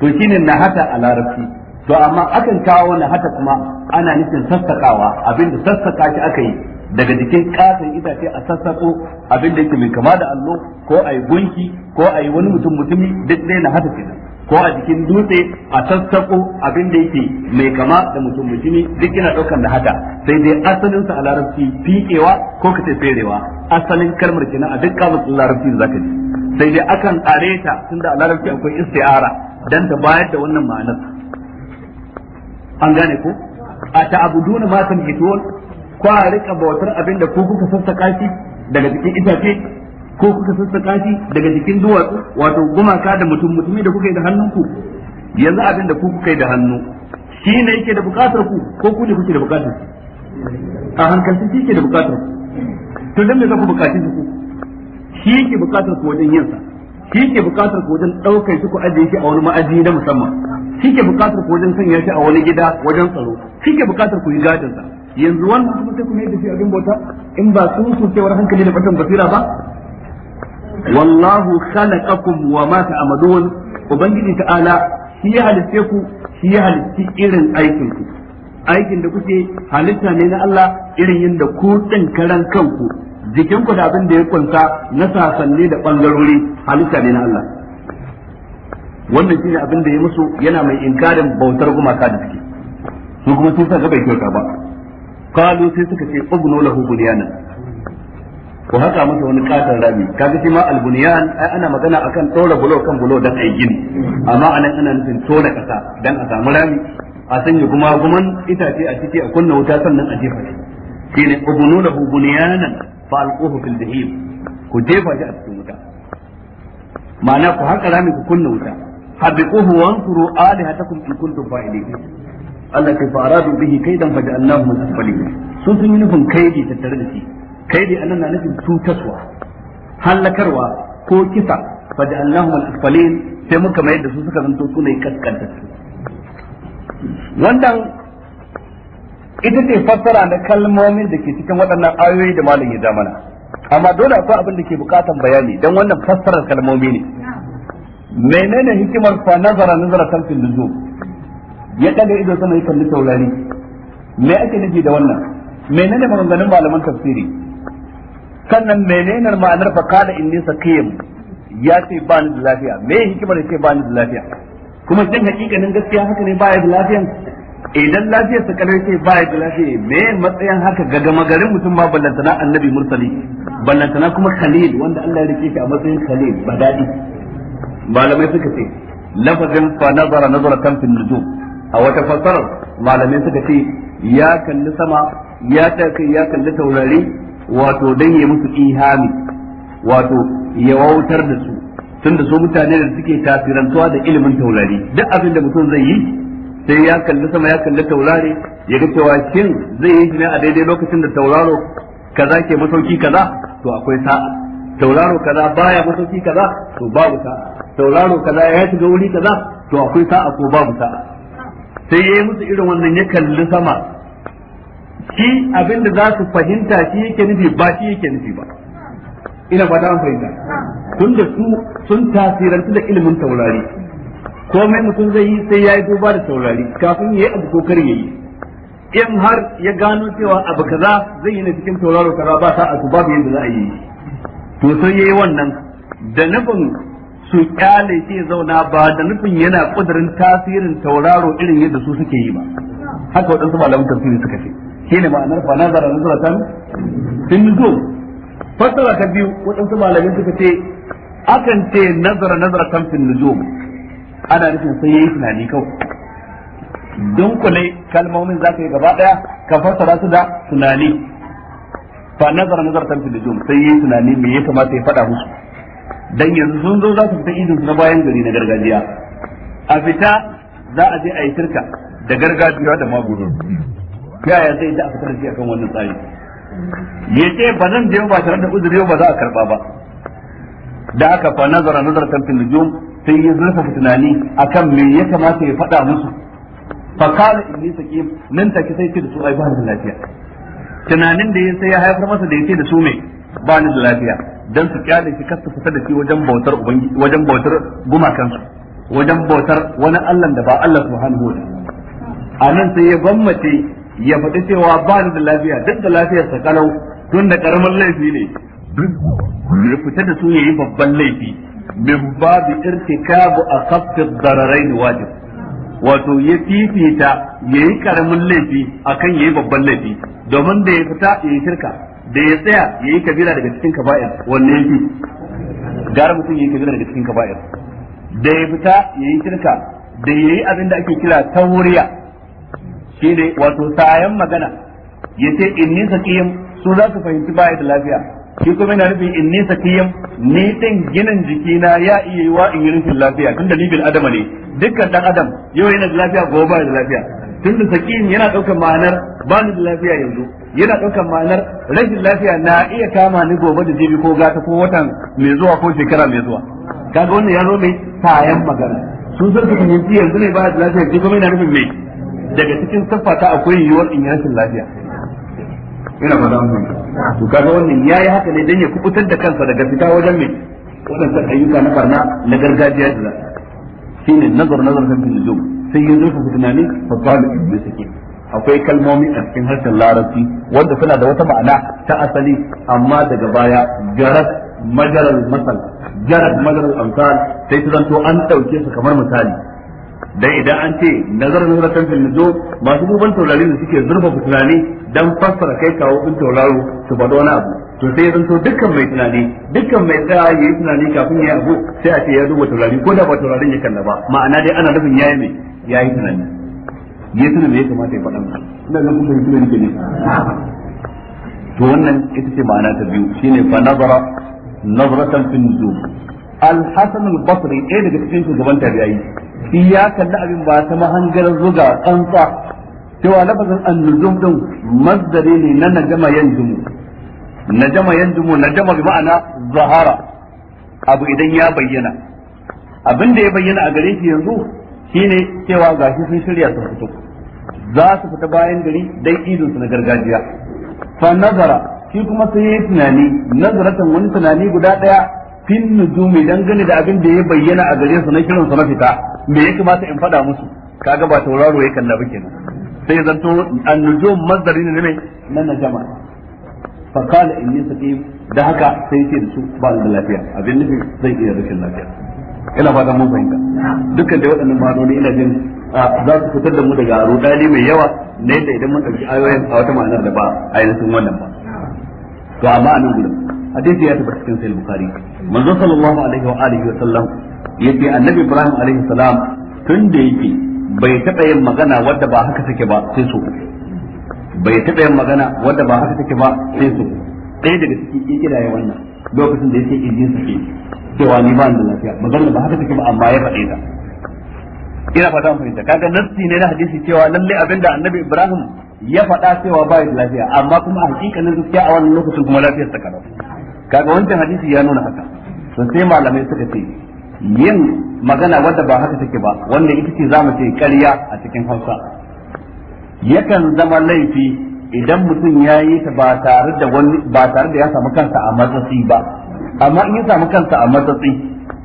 [SPEAKER 2] to shine hata a larabci to amma akan kawo hata kuma ana nufin sassakawa da sassaka shi aka yi daga jikin katon itace a sassaƙo abin da yake mai kama da allo ko a yi gunki ko a yi wani mutum mutumi duk ɗaya na haka kenan ko a jikin dutse a sassaƙo abin da yake mai kama da mutum mutumi duk yana ɗaukar da haka sai dai asalin sa a larabci fiƙewa ko ka ferewa asalin kalmar kenan a duk kamar larabci da zaka ji sai dai akan areta tunda a larabci akwai isti'ara dan ta bayar da wannan ma'anar an gane ko a ta'abuduna ma tanhitun a rika bautar abin da ku kuka sassaka shi daga jikin itace ko kuka sassaka shi daga jikin duwatsu wato gumaka da mutum mutumi da kuka yi da hannunku yanzu abin da ku kuka yi da hannu shi ne yake da bukatar ku ko ku ne kuke da bukatar ku? a hankalin shi ke da bukatar ku to dan me za ku bukaci shi ku shi yake bukatar ku wajen yin sa shi yake bukatar ku wajen daukar shi ku ajiye shi a wani ma'aji na musamman shi yake bukatar ku wajen sanya shi a wani gida wajen tsaro shi yake bukatar ku yi gadin sa yanzu wannan kuma sai ku yadda da shi abin bauta in ba sun sosewar hankali da fatan basira ba wallahu khalaqakum wa ma ta'malun ubangiji ta'ala shi ya halitte ku shi ya halitti irin aikin ku aikin da kuke halitta ne na Allah irin yadda ku din karan kanku jikin ku da abin da ya kunsa na sasanne da bangarori halitta ne na Allah wannan shine abin da ya musu yana mai inkarin bautar gumaka da suke su kuma sun sa ga bai kyauta ba qalu sai suka ce ubnu lahu bunyanan ko haka masa wani katon rami kaga shi ma albunyan ai ana magana akan tsora bulo kan bulo dan ai gini amma anan ana nufin tsora kasa dan a samu rami a sanya kuma guman itace a ciki a kunna wuta sannan a jefa shi shine ubnu lahu bunyanan fa alquhu fil jahim ku jefa shi a cikin wuta ma'ana ku haka rami ku kunna wuta habiquhu wansuru alihatakum Allah kai faradu bihi kaidan faja'alnahu asfalin sun sun yi nufin kaidi tattare da shi kaidi anan na nufin tutaswa halakarwa ko kisa faja'alnahu asfalin sai muka mai da su suka zanto ne kaskanta wannan ita ce fassara na kalmomin da ke cikin waɗannan ayoyi da malam ya zamana amma dole akwai abin da ke bukatan bayani dan wannan fassarar kalmomi ne menene hikimar fa nazara nazara tarfin luzum ya daga ido sama ya kalli taurari me ake nufi da wannan menene maganganun malaman tafsiri sannan menene ma'anar fa kada inni sakiyam ya ce ba ni da lafiya me hikimar ya ce ba ni da lafiya kuma shin hakikanin gaskiya haka ne ba ya da lafiya idan lafiya sa kadar ce ba ya da lafiya me matsayin haka ga gama garin mutum ma ballantana annabi mursali ballantana kuma khalil wanda Allah ya rike shi a matsayin khalil ba dadi malamai suka ce lafazin fa nazara nazara kan fil nujum a wata fassarar malamai suka ce ya kalli sama ya ta kai ya kalli taurari wato dan ya musu ihami wato ya wautar da su tunda su mutane da suke tasirantuwa da ilimin taurari duk abin da mutum zai yi sai ya kalli sama ya kalli taurari ya ga cewa shin zai yi jini a daidai lokacin da tauraro kaza ke masauki kaza to akwai sa'a tauraro kaza baya masauki kaza to babu sa'a tauraro kaza ya shiga wuri kaza to akwai sa'a ko babu sa'a sai ya yi musu irin wannan ya kalli sama shi abin da za su fahimta shi yake nufi ba shi yake nufi ba ina ba an fahimta tun da su sun tasirantu da ilimin taurari komai mutum zai yi sai ya yi duba da taurari kafin ya yi abu ko kar ya yi in har ya gano cewa abu kaza zai yi na cikin tauraro kaza ba sa a babu yadda za a yi to sai ya yi wannan da nufin su kyale ke zauna ba da nufin yana kudurin tasirin tauraro irin yadda su suke yi ba haka waɗansu malamin tafsiri suka ce shi ne ma'anar fa nazara kan? sun zo fassara ta biyu waɗansu malamin suka ce akan ce nazara nazaratan fin zo ana nufin sai yayi tunani kawai dunkule kalmomin za ka yi gaba ɗaya ka fassara su da tunani fa nazara nazaratan fin nujum sai yayi tunani me ya kamata ya faɗa musu dan yanzu sun zo za su fita izin su na bayan gari na gargajiya a fita za a je a yi shirka da gargajiya da magudu yaya zai da a fitar da kan wannan tsari ya ce ba zan je ba tare da uzuri ba za a karba ba da aka fa nazara nazar kan nujum sai ya zurfa tunani akan me ya kamata ya faɗa musu fa kala yi saqim nan take sai ce da su ai ba lafiya tunanin da ya sai ya haifar masa da ya ce da su mai ba ni da lafiya don su kyale shi kasta fita da shi wajen bautar wajen bautar gumakansu wajen bautar wani Allah da ba Allah subhanahu wa a nan sai ya gwammace ya faɗi cewa ba ni da lafiya duk da lafiyar sa kalau tun da karamin laifi ne ya fita da su yayi babban laifi min babu irtikabu a dararai wajib wato ya fifita yi karamin laifi akan yi babban laifi domin da ya fita ya yi shirka da ya tsaya ya yi kabila daga cikin kaba'ir wannan yafi gara mutum ya yi kabila daga cikin kaba'ir da ya fita ya yi shirka da yi abin da ake kira tauriya ne wato sayan magana ya yace in ni su za su fahimci baya da lafiya shi kuma yana nufin in nesa kiyam ni din ginin jikina ya iya yi wa in yi lafiya tun da ni adama ne dukkan dan adam yau yana da lafiya gobe ba da lafiya tun da sakin yana daukan ma'anar ba ni da lafiya yanzu yana daukan ma'anar rashin lafiya na iya kama ni gobe da jibi ko gata ko watan mai zuwa ko shekara mai zuwa kaga wannan ya zo mai tayan magana sun san su fahimci yanzu ne ba da lafiya shi kuma yana nufin mai daga cikin siffata akwai yiwuwar in yi rashin lafiya ina fata an fahimta to kaga wannan yayi haka ne dan ya kubutar da kansa daga fita wajen mai wadannan ayyuka na barna na gargajiya da shine nazar nazar kan nujum sai ya zurfa tunani fa qala iblis ke akwai kalmomi a cikin harshen larabci wanda suna da wata ma'ana ta asali amma daga baya jarat majaral masal jarat majaral amsal sai su zanto an dauke su kamar misali dan idan an ce nazarin nazaratan fil nujum masu duban taurari da suke zurfafa tunani dan fassara kai kawo din tauraro su bada wani abu to sai zan so dukkan mai tunani dukkan mai tsaya yayi tunani kafin ya abu sai a ce ya duba taurari ko da ba taurarin ya kalla ba ma'ana dai ana nufin yayi mai yayi tunani ya tuna me ya kamata ya faɗa masa ina ga kuma yi tunani ne to wannan ita ce ma'ana ta biyu shine fa nazara nazratan fil nizo. al-hasan al-basri ɗaya daga cikin shugaban tabi'ai shi ya kalli abin bata ta mahangar zuga tsantsa cewa lafazin an-nujum din masdari ne na najama yanzumu najama yanzumu najama bi ma'ana zahara abu idan ya bayyana abin da ya bayyana a gare shi yanzu shi ne cewa gashi sun shirya su fito za su fita bayan gari dai idin su na gargajiya fa nazara shi kuma sai yayi tunani nazaratan wani tunani guda ɗaya. fin nujumi dangane da abin da ya bayyana a gare su na kiran su na fita me ya kamata in faɗa musu kaga ba tauraro ya kalla ba kenan sai zanto an-nujum masdari ne ne na najama fa qala inni saqim da haka sai ce da su ba da lafiya abin nufi zai iya rashin lafiya ina fata mun fahimta dukkan da waɗannan ma'anoni ina jin za su fitar da mu daga rudani mai yawa na yadda idan mun ɗauki ayoyin a wata ma'anar da ba a sun wannan ba to amma anan nan hadisi ya tabbata cikin sahih bukhari manzo sallallahu alaihi wa alihi wa sallam yace annabi ibrahim alaihi salam tun da yake bai taɓa yin magana wadda ba haka take ba sai so bai taɓa yin magana wadda ba haka take ba sai so ɗaya daga cikin ƙirƙira ya wannan lokacin da yake injin sa ke cewa ni ba da lafiya magana ba haka take ba amma ya faɗe ta ina fata mun fahimta kaga nassi ne na hadisi cewa lalle abinda annabi Ibrahim ya faɗa cewa ba da lafiya amma kuma a hakikanin gaskiya a wannan lokacin kuma lafiyar ta karau kaga wancan hadisi ya nuna haka to sai malamai suka ce yin magana wanda ba haka take ba wanda ita ce za mu ce ƙarya a cikin Hausa yakan zama laifi idan mutum ya yi ta ba tare da wani ba tare da ya samu kansa a matsatsi ba amma in ya samu kansa a matsatsi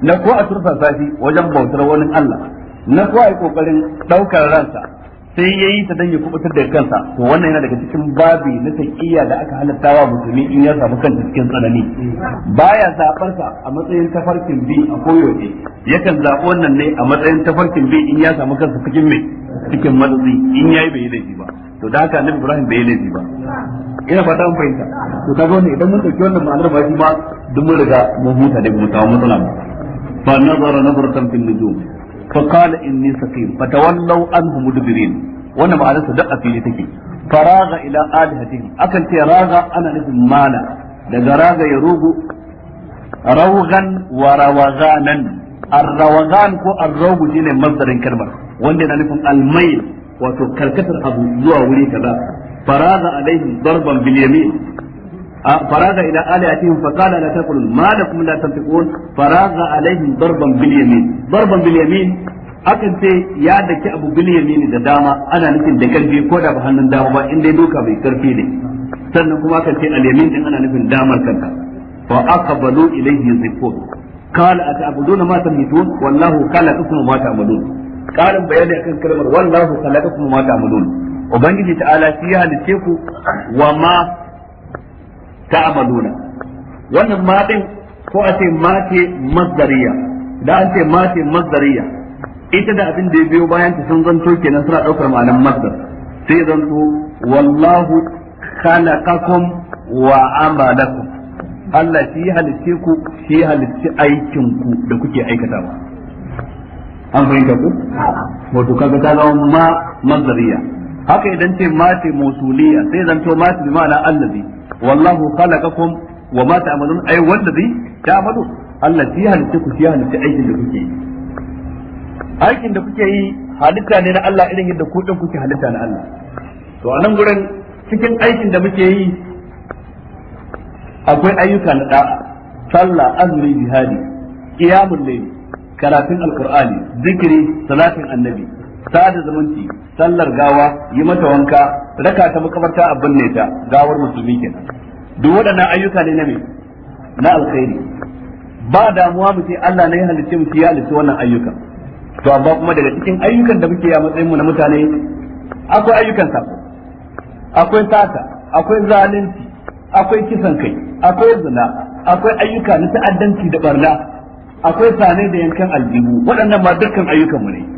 [SPEAKER 2] na ko a turfa sashi wajen bautar wani Allah na ko a yi kokarin ɗaukar ransa sai ya yi ta don ya kubutar da kansa to wannan yana daga cikin babi na taqiyya da aka halatta wa musulmi in ya samu kan cikin tsanani baya ya sa a matsayin tafarkin bi a koyaushe yakan zaɓi wannan ne a matsayin tafarkin bi in ya samu kansa cikin mai cikin matsayi in ya yi bai laifi ba to da haka annabi Ibrahim bai laifi ba ina fata mun fahimta to kaga ne idan mun dauki wannan ma'anar ba shi ma duk mun riga mun huta da mu samu matsala ba fa nazara nazaratan fil nujum fa qala inni saqim fa tawallaw anhu mudbirin wannan ma'anar sa duk a fili take faraga ila alihatihim akan ce raga ana nufin mana daga raga ya rugu rawgan wa rawaganan arrawagan ko arrawgu shine masdarin kalmar wanda yana nufin almayl wato karkatar abu zuwa wuri kaza faraga alaihim darban bil yamin فراغ الى الهتهم فقال لا تاكلون ما لكم لا تنطقون فراغ عليهم ضربا باليمين ضربا باليمين akan ce ya daki abu biliyamini da dama ana nufin da karfi ko da ba hannun dama ba inda doka bai karfi ne sannan kuma akan ce alyamin din ana nufin damar kanka fa aqbalu ilayhi zifun qala ata'buduna ma tamidun wallahu khalaqakum ma ta'malun qalan bayani akan kalmar wallahu khalaqakum ma ta'malun ubangiji ta'ala shi ya halice ku wa ma ta'maluna wannan ma din ko a ce ma ce masdariya da an ce ma ce masdariya ita da abin da ya biyo bayan ta sun zanto kenan suna daukar ma'anar masdar sai zanto wallahu khalaqakum wa amalakum Allah shi ya halicce ku shi ya halicci aikin ku da kuke aikatawa an fahimta ku wato kaga ta zama ma masdariya haka idan ce mati musuliya sai zan to mati bi ma'ana allazi wallahu khalaqakum wa ma ta'malun ay wallazi ta'malu Allah shi halitta ku shi halitta aikin da kuke yi aikin da kuke yi halitta ne na Allah irin yadda ku din kuke halitta na Allah to a nan gurin cikin aikin da muke yi akwai ayyuka na da'a sallah azumi jihadi qiyamul layl karatun alqur'ani zikiri salatin annabi sada zumunci sallar gawa yi mata wanka raka ta makabarta a binne ta gawar musulmi kenan duk waɗannan ayyuka ne na me na alkhairi ba damuwa mu ce Allah ne ya halicce mu ya halicce wannan ayyukan to amma kuma daga cikin ayyukan da muke a matsayin mu na mutane akwai ayyukan sako akwai sata akwai zalunci akwai kisan kai akwai zina akwai ayyuka na ta'addanci da barna akwai sane da yankan aljihu waɗannan ma dukkan ayyukan mu ne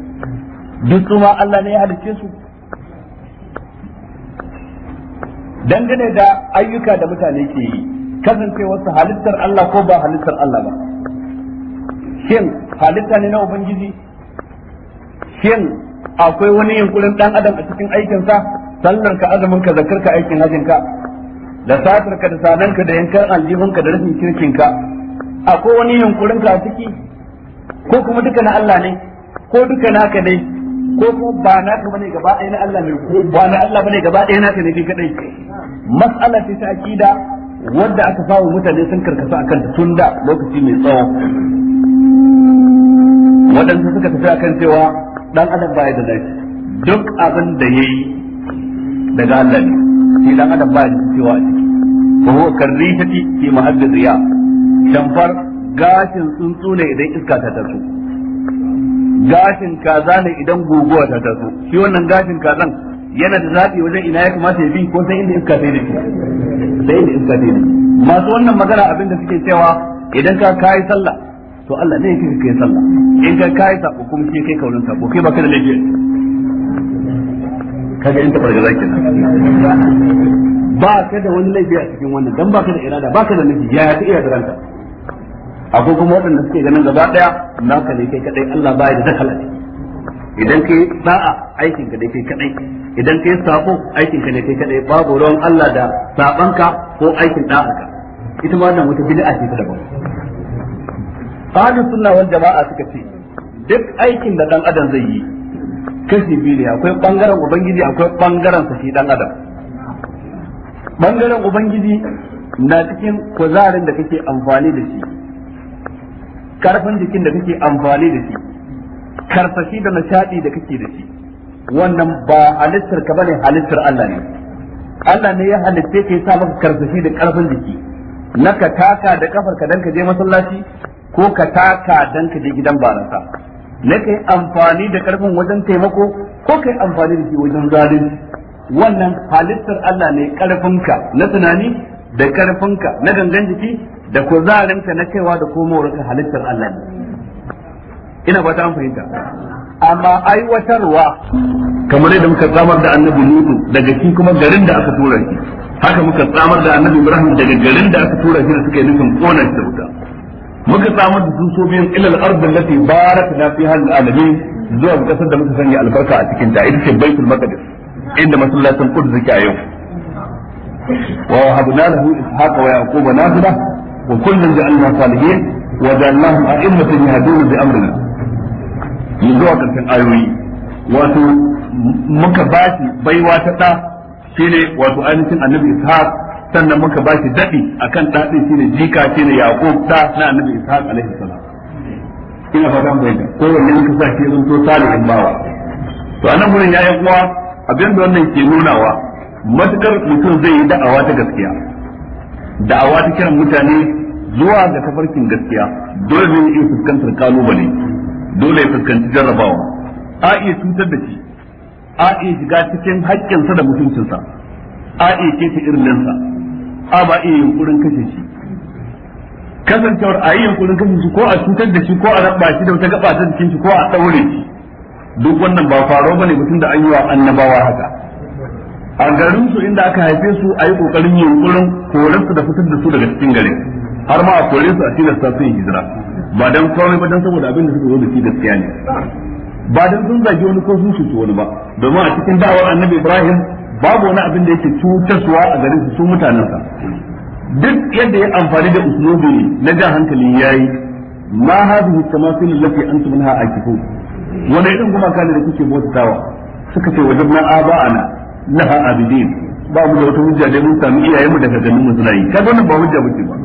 [SPEAKER 2] duk suma Allah ne ya halicce su dangane da ayyuka da mutane ke yi wasu halittar Allah ko ba halittar Allah ba shin halitta ne na ubangiji shin akwai wani yunkurin dan adam a cikin aikinsa sallar ka azumin ka zakar ka aikin hajin ka da satar ka da sanan ka da yankan aljihun ka da rashin kirkin ka akwai wani yunkurin ka a ciki ko kuma duka na Allah ne ko duka naka ne ko kuma ba na ka bane gaba ɗaya na Allah ne ko ba na Allah bane gaba ɗaya na ka ne kai kadai mas'ala ta akida wadda aka samu mutane sun karkasa akan ta tun da lokaci mai tsawo waɗansu suka tafi akan cewa dan adam baya da lafiya duk abin da yayi daga Allah ne shi dan adam baya da cewa a ciki fa huwa karrihati fi ma'ad riya shamfar gashin tsuntsu ne idan iska ta tarso gashin kaza ne idan guguwa ta taso shi wannan gashin kazan yana da zafi wajen ina ya kamata ya bi ko sai inda iska sai da shi sai inda iska sai da masu wannan magana abin da suke cewa idan ka kai sallah to Allah ne yake kai sallah in ka kai sako kuma shi kai kaurin sako kai baka da laifi kaga in ta farga zaki ba ka da wani laifi a cikin wannan dan ba ka da irada ba ka da nufi yaya ka iya da akwai kuma waɗanda suke ganin gaba na naka ne kai kaɗai. Allah baya da dakala idan ka yi sa'a aikin ka ne kai kaɗai. idan yi sabo aikin ka ne kai kaɗai. babu ruwan Allah da sabanka ko aikin da'anka ita ma wannan wata bid'a ce ta daban ahlus sunna wal jama'a suka ce duk aikin da dan adam zai yi kashi biyu ne akwai bangaren ubangiji akwai bangaren sa shi dan adam bangaren ubangiji na cikin kuzarin da kake amfani da shi karfin jikin da kake amfani da shi karsashi da nishadi da kake da shi wannan ba halittar ka bane halittar Allah ne Allah ne ya halitte ka yasa maka karsashi da karfin jiki na ka taka da kafar ka dan ka je masallaci ko ka taka dan ka je gidan barasa na kai amfani da karfin wajen taimako ko kai amfani da shi wajen zalunci wannan halittar Allah ne karfinka na tunani da karfinka na gangan jiki da kuzarinka na kaiwa da komowarka halittar Allah ne ina ba ta fahimta
[SPEAKER 3] amma aiwatarwa
[SPEAKER 2] kamar yadda muka tsamar da annabi Nuhu daga shi kuma garin da aka tura shi haka muka tsamar da annabi Ibrahim daga garin da aka tura shi da suka yi nufin kona shi da wuta muka tsamar da su so biyan ilal ardh allati barakna fiha lil alamin zuwa ga kasar da muka sanya albarka a cikin ta ita ce baitul maqdis inda masallacin qudus yake a yau ووهبنا له إسحاق ويعقوب نافلة وكلا جعلنا صالحين وجعلناهم أئمة يهدون بأمرنا من zuwa ƙarshen ayoyi wato muka ba baiwa ta ɗa shine wato ainihin annabi sannan muka ba shi daɗi akan ɗa shi ne jika shine yaqub na annabi ishaq alaihi ina fatan da ko wanne muka sa shi zan to salihin bawa to anan gurin yayin uwa abin da wannan ke nunawa matukar mutum zai yi da'awa ta gaskiya da'awa ta kiran mutane zuwa ga tafarkin gaskiya dole ne ya fuskantar kalubale dole ya fuskanci jarrabawa a iya cutar da shi a iya shiga cikin haƙƙinsa da mutuncinsa a iya irin nansa. a ba iya yunkurin kashe shi kasancewar a yi yunkurin kashe shi ko a cutar da shi ko a raba shi da wata gaba ta jikin shi ko a ɗaure shi duk wannan ba faro bane mutum da an yi wa annabawa haka a garin su inda aka haife su a yi kokarin kurin koran su da fitar da su daga cikin garin har ma a kore su a tilasta sun hijira ba dan komai ba dan saboda abin da suka zo da shi gaskiya ne ba dan sun zage wani ko sun cuci wani ba domin a cikin da'awar annabi Ibrahim babu wani abin da yake cutarwa a garin su su mutanensa duk yadda ya amfani da usulobi na jan hankali yayi ma hadhihi tamathil allati antum minha akifun Wani irin gumaka ne da kuke bautawa suka ce wajabna aba'ana laha abidin ba mu da wata hujja dai mun sami iyayenmu daga ganin mu suna yi kaga wannan ba hujja bace ba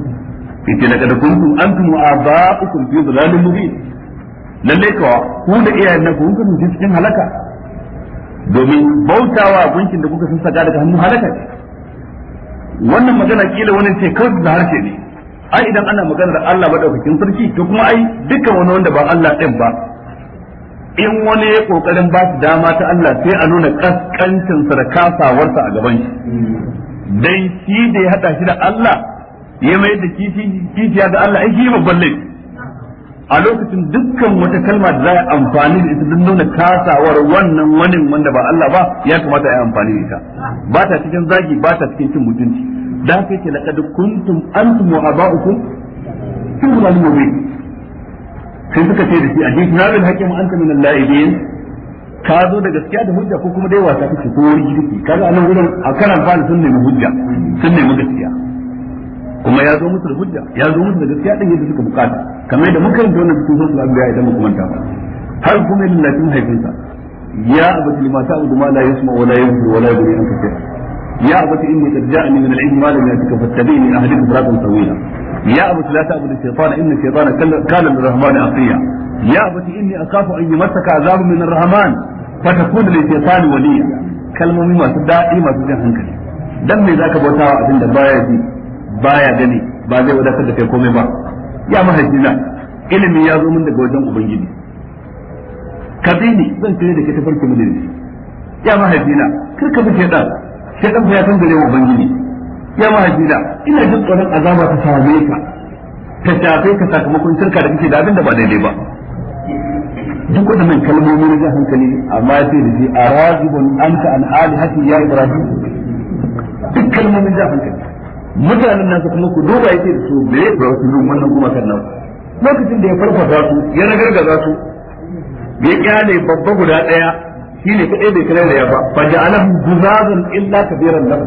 [SPEAKER 2] yace laqad kuntum antum aba'ukum fi dhalalin mubin lalle kawa ku da iyayen nan kun kasance cikin halaka domin bautawa gunkin da kuka sun saka daga hannun halaka wannan magana kila wani ce kawai da harshe ne ai idan ana maganar Allah madaukakin sarki to kuma ai dukkan wani wanda ba Allah din ba in wani ya kokarin ba su dama ta Allah sai a nuna kaskancin sa da kasawarsa a gaban shi dan shi da ya hada shi da Allah ya mai da ya da Allah ai shi babban laifi a lokacin dukkan wata kalma da za a amfani da ita don nuna kasawar wannan wani wanda ba Allah ba ya kamata a yi amfani da ita ba ta cikin zagi ba ta cikin cin mutunci da haka yake laqad kuntum antum wa aba'ukum sai suka ce da shi a jikin rabin hakim ta min al-la'ibin ka zo da gaskiya da hujja ko kuma dai wasa kake ko wuri kake kaga anan gurin a kan fa sun nemi hujja sun nemi gaskiya kuma ya zo musu da hujja ya zo musu da gaskiya din yadda suka bukata kamar yadda muka rinta wannan cikin sura al-anbiya idan muka manta ba har kuma tun haifinsa ya abati mata abu ma la yasma wa la yanzur wa la yughni an kathira يا أبت إني قد جاءني من العلم ما لم يأتك فاتبعني أهلك صراطا طويلا يا أبت لا تعبد الشيطان إن الشيطان كان للرحمن عصيا يا أبت إني أخاف أن يمسك عذاب من الرحمن فتكون للشيطان وليا كلمة مما تدعي ما تدعي هنكلي dan me zaka bauta wa abin da baya ji baya gani ba zai wadatar da kai komai ba ya mahaifina ilimi ya zo min daga wajen ubangiji ka bi ni zan tare da kai ta farko mu ya mahaifina kar ka bi shaitan sai ɗan ya san gare wa ubangiji ya ma hajjida ina jin tsoron azaba ta same ka ta shafe ka sakamakon shirka da kake da abin da ba daidai ba duk nan kalmomi na jan hankali amma sai da shi a ragibun anta an haki ya ibrahim duk kalmomin jan hankali mutanen nasu kuma ku duba yake da su me ba fara su wannan kuma kan nan lokacin da ya farfasa su ya nagargaza su ya kyale babba guda ɗaya shine kadai bai kira da ya ba fa ja'alahu juzazan illa kabiran lahu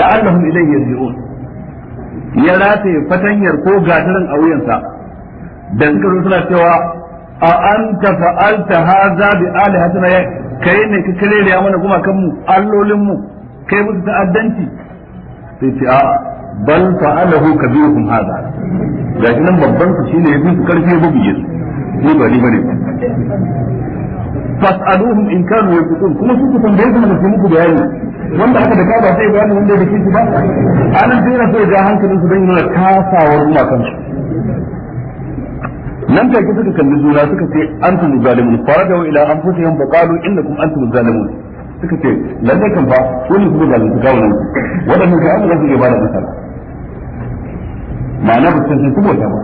[SPEAKER 2] la'annahum ilayhi yarji'un ya rataye fatanyar ko gatarin a wuyansa dan karo suna cewa a anta fa'alta hadha bi alihatina ya kai ne ka kire da mana kuma kanmu mu allolin mu kai musu ta'addanci sai ce a bal fa'alahu kabirukum hadha gashi nan babban su shine yafi su karfi ya bubuye
[SPEAKER 1] su ni ba ni bane
[SPEAKER 2] fas'aluhum in kanu yaqulun kuma su ku tambaye su da muku bayani wanda aka daka ba sai bayani wanda yake shi ba anan sai rasul ga hankalin su dan nuna kasawar makan
[SPEAKER 1] su nan
[SPEAKER 2] take suka kalli juna suka ce antum zalimun faradaw ila anfusihim fa qalu innakum antum zalimun suka ce lalle kan ba ko ne kuma zalunci kawo nan wadannan ga Allah zai ba da masala ma'ana ba sun kuma ta ba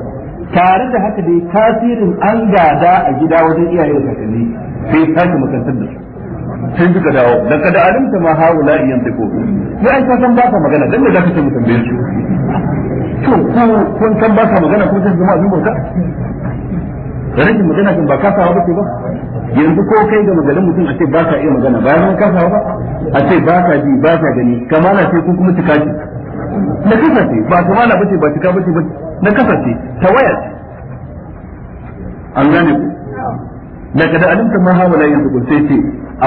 [SPEAKER 2] tare da haka dai tasirin an gada a gida wajen iyaye da kakanni sai ya sake makantar da su
[SPEAKER 1] sai suka dawo dan
[SPEAKER 2] kada alimta ma haula iyan ko sai an san ba ka magana dan da zaka ce mutum bai su to ko kun san ba ka magana kun san jama'a bauta rashin magana kan ba kasawa ba ce ba yanzu ko kai da magalin mutum a ce ba ka iya magana ba ya kasawa ba a ce ba ka ji ba ka gani kamala sai ko kuma cika ji na ce ba na bace ba cika bace ba na ta tawaya an gane ku لقد علمت ما هؤلاء ينطقون سيتي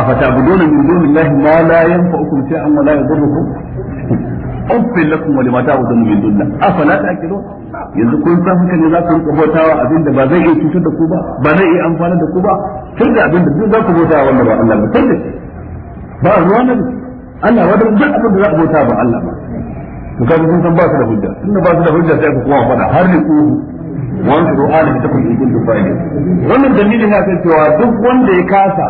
[SPEAKER 2] أفتعبدون من دون الله ما لا ينفعكم شيئا ولا يضركم أف لكم ولما تعبدون من دون الله أفلا تأكلون yanzu kun san haka ne za ku rika bautawa abin da ba zai iya cutar da ku ba ba zai iya amfana da ku ba tun da abin da duk za ku bautawa wanda ba Allah ba tun da ba ruwa na Allah wadda duk abin da za ku bautawa ba Allah ba to kaga kun san ba su da hujja tun da ba su da hujja sai ku kuma faɗa har ne ku wanda ru'ana ta kun ikun da fa'ida wannan dalilin ya san cewa duk wanda ya kasa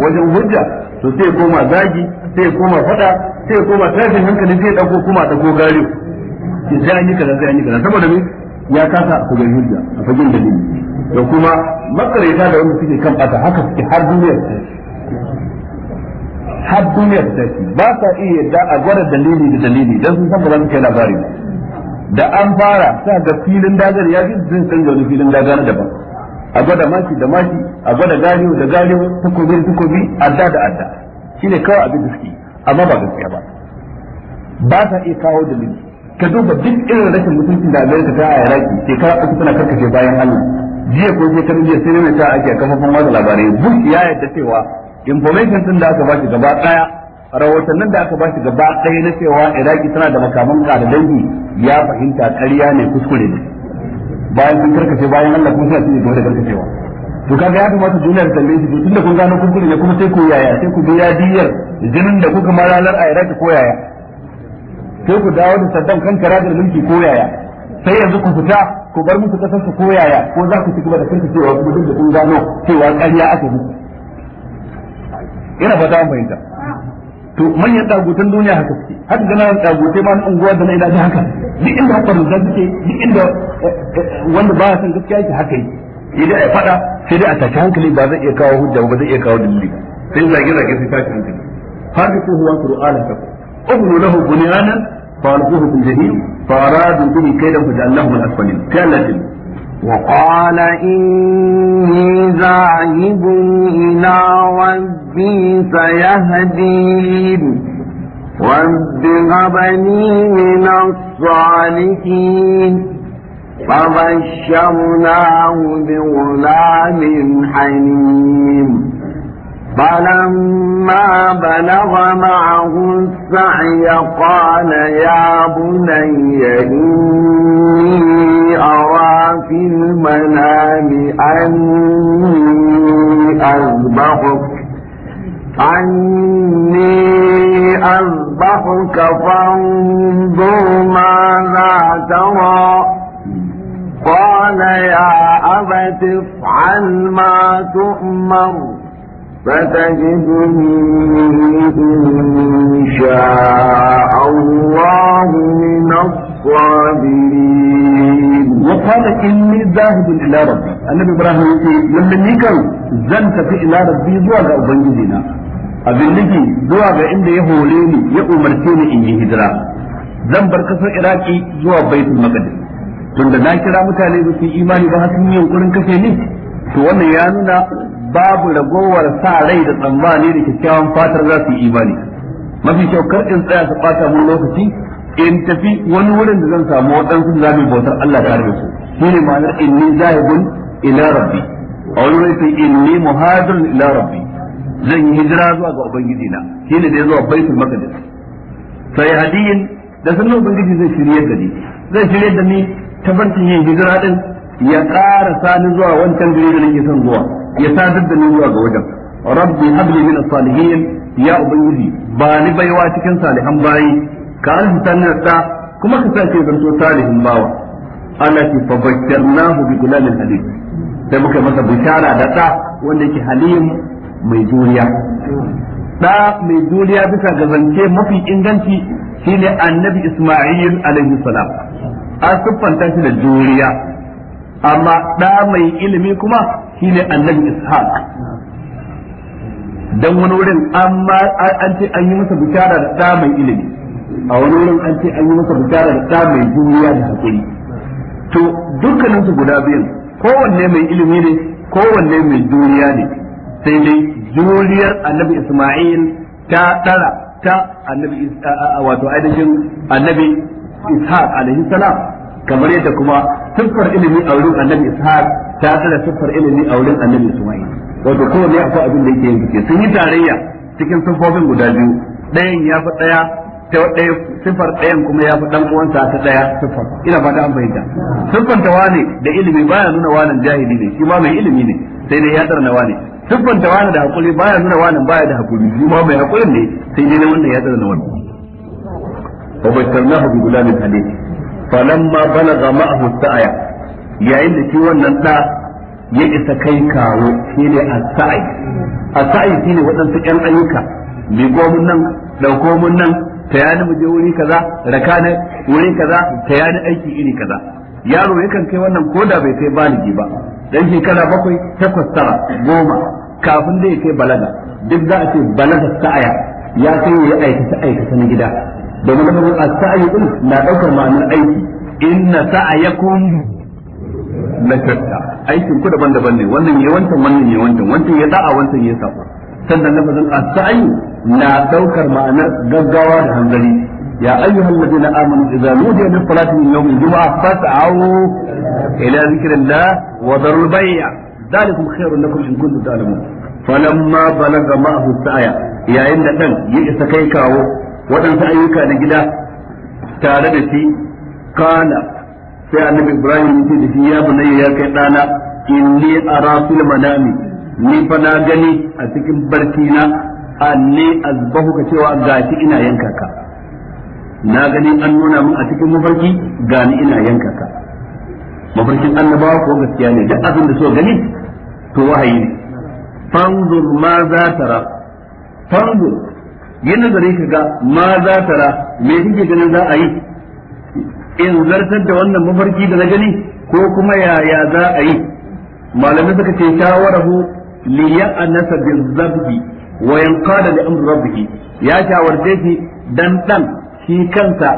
[SPEAKER 2] wajen hujja to sai koma zagi sai koma fada sai koma tashin hankali zai dauko kuma ta gogare ki sai an yi kaza sai an yi kaza saboda me ya kasa a fagen hujja a fagen dalili da kuma makarita da wani suke kan bata haka suke har duniyar har duniyar ta ba sa iya yadda a gwada dalili da dalili dan sun san ba za su kai labari ba da an fara sa ga filin dagar ya ji zin canza wani filin dagar daban a gwada maki da maki a gwada gariyo da gariyo takobi takobi adda da adda shine kawai abin da suke amma ba gaskiya ba ba sa iya kawo da mini ka duba duk irin rashin mutuncin da Amerika ta a Iraki shekara uku tana karkace bayan Allah jiya ko ta jiya sai ne ta ake kafafan watsa labarai Bush ya yadda cewa information din da aka ba shi gaba daya rahotannin da aka bashi gaba ɗaya na cewa iraki tana da makaman da dangi ya fahimta ƙarya ne kuskure ne bayan sun karkace bayan Allah kuma suna cinye game da karkacewa to kaga ya masa duniya da tambaye shi tunda kun gano kuskure ne kuma sai ku yaya sai ku biya diyar jinin da kuka maralar a iraki ko yaya sai ku dawo da saddam kan karagar mulki ko yaya sai yanzu ku fita ku bar musu kasar su ko yaya ko za ku ci gaba da karkacewa kuma duk da kun gano cewa ƙarya ake muku ina fata mun fahimta to manyan dagutan duniya haka suke haka gana dagute ma na unguwa da na ina haka duk inda hakan da suke duk inda eh, eh, wanda ba san gaskiya yake haka yi idan ya fada sai dai a tashi hankali ba zai iya kawo hujja ba zai iya kawo dalili sai zage zage sai tashi hankali har da ko huwa qur'ana ta ubnu lahu bunyanan fa alquhu fil jahim
[SPEAKER 3] fa aradu
[SPEAKER 2] bihi kaydan fa ja'alnahu min asfalin ta latin
[SPEAKER 3] وقال إني ذاهب إلى ربي سيهدين رب هبني من الصالحين فبشرناه بغلام حليم فلما بلغ معه السعي قال يا بني إني أرى في المنام أني أذبحك أني أذبحك فانظر ماذا ترى قال يا أبت افعل ما تؤمر فتجدني إن شاء الله من الصابرين وقال إني ذاهب إلى ربي النبي
[SPEAKER 2] إبراهيم يقول لما نيكو زنت في إلى ربي زوغا أبنجدنا abin nake zuwa ga inda ya hore ni ya umarce ni inyi hijira zan bar kasar iraki zuwa baitul maqdis tunda na kira mutane su yi imani ba har sun yi yunkurin kashe ni to wannan ya nuna babu ragowar sa rai da tsammani da kyakkyawan fatar za su yi imani mafi kyau kar in tsaya su ɓata mun lokaci in tafi wani wurin da zan samu waɗansu za mu bautar Allah tare da su shine ma'anar inni zahibun ila rabbi a wani wurin sai inni muhajirun ila rabbi zan yi hijira zuwa ga ubangiji na shine da ya zuwa baitul maqdis sai hadiyin da sunan ubangiji zai shirye da ni zai shirye da ni ta barcin yin hijira din ya ƙara sani zuwa wancan gari da nake son zuwa ya sadar da ni ga wajen rabbi habli min as-salihin ya ubangiji ba ni baiwa cikin salihan bayi ka an ni ta kuma ka sace to salihin bawa Allah ki bi gulamin halim sai muka masa bishara da ta wanda yake halim mai juriya da mai juriya bisa ga zance mafi inganci shine annabi Isma'il alaihi salam an siffanta shi da juriya amma da mai ilimi kuma shine annabi ishaq dan wani wurin an ce an yi masa bishara da ɗa mai ilimi a wani wurin an ce an yi masa bishara da ɗa mai juriya da hakuri to dukkanin su guda biyan kowanne mai ilimi ne kowanne mai juriya ne sai dai juriyar annabi isma'il ta ɗara ta annabi wato ainihin annabi ishaq alaihi salam kamar yadda kuma siffar ilimi a wurin annabi ishaq ta tsara siffar ilimi a wurin annabi isma'il wato kowanne akwai abin da yake yin fice sun yi tarayya cikin siffofin guda biyu ɗayan ya fi ɗaya ta ɗaya siffar ɗayan kuma ya fi ɗan uwansa ta ɗaya siffar ina fata an fahimta siffar ta wane da ilimi baya nuna wanan jahili ne shi ma mai ilimi ne sai dai ya tsara na wane siffar ta wane da hakuri baya nuna wanan baya da hakuri shi ma mai hakurin ne sai dai na wannan ya tsara na wane. وبشرناه بغلام حليم falamma balaga ma'ahu sa'aya yayin da shi wannan da ya isa kai kawo shine as a as shi ne waɗansu ƴan ayyuka bi gomun nan dauko mun nan tayani mu je wuri kaza raka ne wuri kaza tayani aiki iri kaza yaro yakan kai wannan koda bai kai ni ba dan shekara bakwai takwas tara goma kafin da ya kai balaga duk za a ce balaga sa'aya ya kai ya aikata aikata na gida domin da as-sa'i din na daukar ma'anar aiki inna sa'ayakum la shatta aikin ku daban-daban ne wannan wancan wannan yayi wancan wancan ya da'a wancan ya safa sannan lafazin as-sa'i na daukar ma'anar gaggawa da hanzari يا أيها الذين آمنوا إذا نودي للصلاة من يوم الجمعة فاسعوا إلى ذكر الله وذروا البيع ذلكم خير لكم إن كنتم تعلمون فلما بلغ معه السعي يا إن دان يئس كيكاو waɗansu ayyuka na gida tare da shi kana sai annabi ibrahim ya ce da shi ya bunayya ya kai ɗana inni a rasul manami ni fa na gani a cikin barci na anni azbahu ka cewa shi ina yanka ka na gani an nuna min a cikin mafarki gani ina yanka ka mafarkin annabawa ko gaskiya ne duk abin da so gani to wahayi ne fanzur ma za tara fanzur yi nazari ka ga ma za ta ra me kike ganin za a yi in zartar da wannan mafarki da na gani ko kuma yaya za a yi malamai suka ce shawarahu li ya'nasa zabbi wa yanqada li amri rabbih ya shawarce shi dan dan shi kansa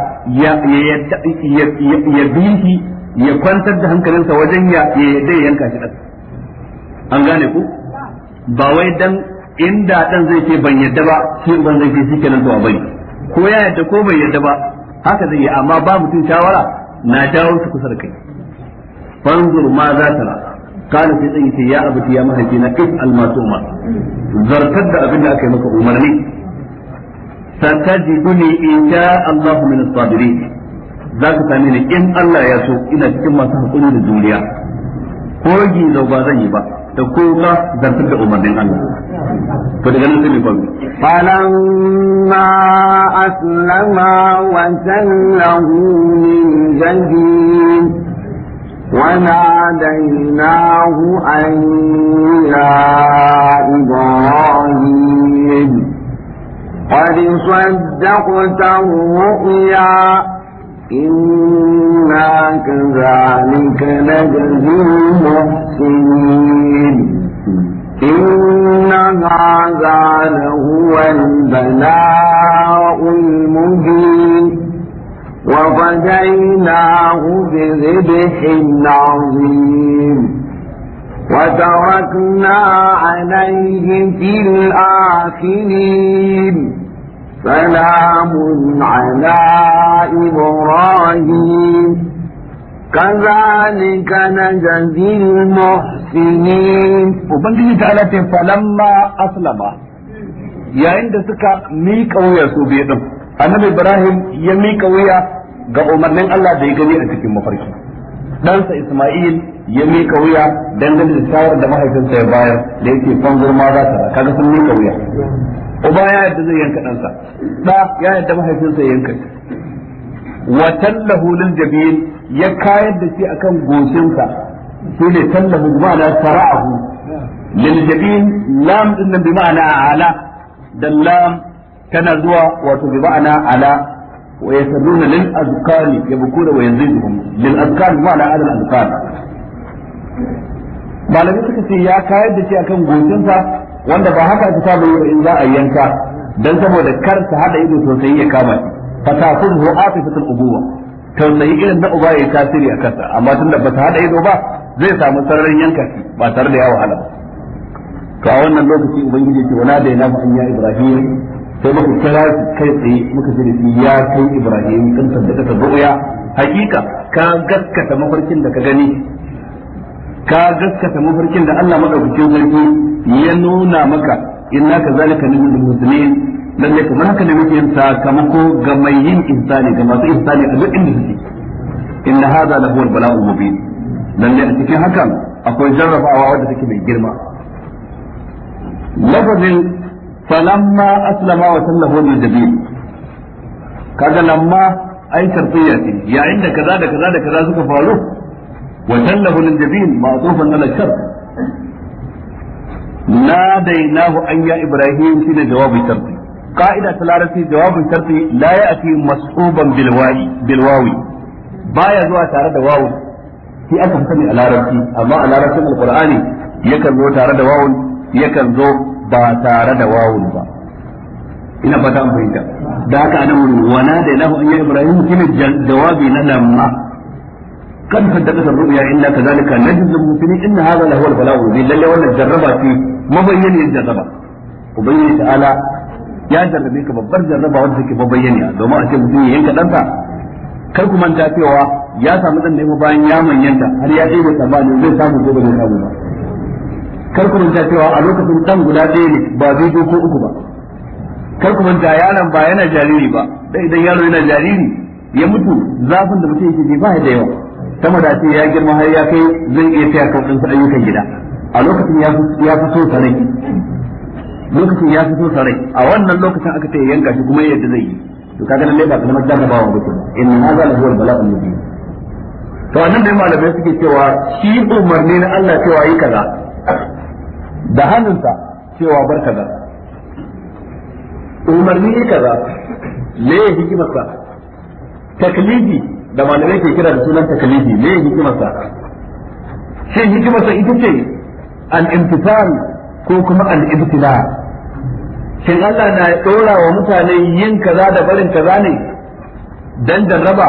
[SPEAKER 2] ya ya bihi ya kwantar da hankalinsa wajen ya yadda yanka shi an gane ku ba wai dan inda dan zai ce ban yadda ba shi ban zai ce shikenan to a ko ya yadda ko bai yadda ba haka zai yi amma ba mutum shawara na dawo su kusa da kai fanzur ma za ta ra kana sai dan yace ya abuti ya mahaifi na kif almasuma zartar da abin da aka yi maka umarni satajiduni insha Allah min as-sabirin zaka sami ni in Allah ya so ina cikin masu hakuri da juriya ko gizo ba zan yi ba da kuka zartar da umarnin Allah to daga nan sai mai kwami
[SPEAKER 3] falamma aslama wa sallahu min jadid وناديناه أن يا إبراهيم قد صدقت الرؤيا إنا كذلك نجزي المحسنين المحسنين إن هذا لهو البلاء المبين وفديناه بذبح عظيم وتركنا عليه في الآخرين سلام على إبراهيم كذلك نجزي المحسنين وبنجي تعالى فلما أسلم suka mika سكا
[SPEAKER 2] ميك ويا سوبيدم annabi ibrahim ya mika wuya ga umarnin Allah da ya gani a cikin mafarki ɗansa isma'il ya mika wuya dangane da shawarar da mahaifinsa ya bayar da yake kwanzur za ta kaga sun mika wuya uba ya yadda zai yanka ɗansa ɗa ya yadda mahaifinsa ya yanka wa tallahu lil jabil ya kayar da shi akan goshinsa shi ne tallahu ma'ana sara'ahu lil jabin lam din nan bi ma'ana ala dan lam tana zuwa wato bi ma'ana ala wa yasalluna lil azqani yabkuna wa yaziduhum lil azqani ma'ana ala al azqan malamai suka ce ya kayar da shi akan goshinsa wanda ba haka ta saba yi in za a yanka dan saboda kar ta hada ido sosai ya kama shi fa takunhu afifatul ubuwa tausayi irin na uba yayi tasiri a kansa amma tun da ba ta hada ido ba zai samu sararin yanka shi ba tare da ya wahala ba to a wannan lokaci ubangiji ce wala da yana an ya ibrahim sai muka kira shi kai tsaye muka ce shi ya kai ibrahim kan da ta ruya hakika ka gaskata mafarkin da ka gani ka gaskata mafarkin da Allah madaukakin sarki ya nuna maka inna kazalika al muslimin lalle kuma haka ne muke yin sakamako ga mai yin insani ga masu insani a duk inda suke inna hadha lahu al-bala'u mubin lalle a cikin hakan akwai jarrabawa wadda take mai girma lafazin falamma aslama wa sallahu lil jabin kaga lamma ai shartiyya ce yayin da kaza da kaza da kaza suka faru wa sallahu lil jabin ma'tufan ala shart nadainahu an ya ibrahim shine jawabi sharti قاعدة ثلاثة جواب شرطي لا يأتي مصحوبا بالواوي بالواوي بايا زوا تارة دواو في a سمي على ربتي أما على ربتي القرآن يكن زوا تارة دواو يكن زوا با تارة دواو با ina fata an fahimta da haka anan wurin wana da lahu an ibrahim shine jawabi na lamma kan saddaka sarruya inna kadhalika najzul muslimin inna hadha lahu al-bala'u bi lalle wannan jarraba ce mabayyin jarraba ta'ala ya jarrabe ka babbar jarraba wanda take bayyana domin a ce mutum ya yanka danta kar ku manta cewa ya samu ɗan ne bayan ya manyanta har ya ɗebe sabani zai samu ko ba samu ba kar ku manta cewa a lokacin ɗan guda ɗaya ne ba zai ko uku ba kar ku manta yaron ba yana jariri ba dan idan yaro yana jariri ya mutu zafin da mutum yake ba da yawa Ta da ya girma har ya kai zai iya taya kan ayyukan gida a lokacin ya fi ta rai lokacin ya fito sarai a wannan lokacin aka ce yanka shi kuma yadda zai yi to kaga ne ba kalmar jarrabawa ba ce in na la huwa al-bala'ul to annan dai malamai suke cewa shi umarni na Allah cewa yi kaza da hannunsa cewa bar kaza umarni yi kaza me ya hikimarsa taklifi da malamai ke kira da sunan taklifi me ya hikimarsa shin hikimarsa ita ce an imtisal ko kuma al-ibtila shin Allah na ɗora wa mutane yin kaza da barin kaza ne don jarraba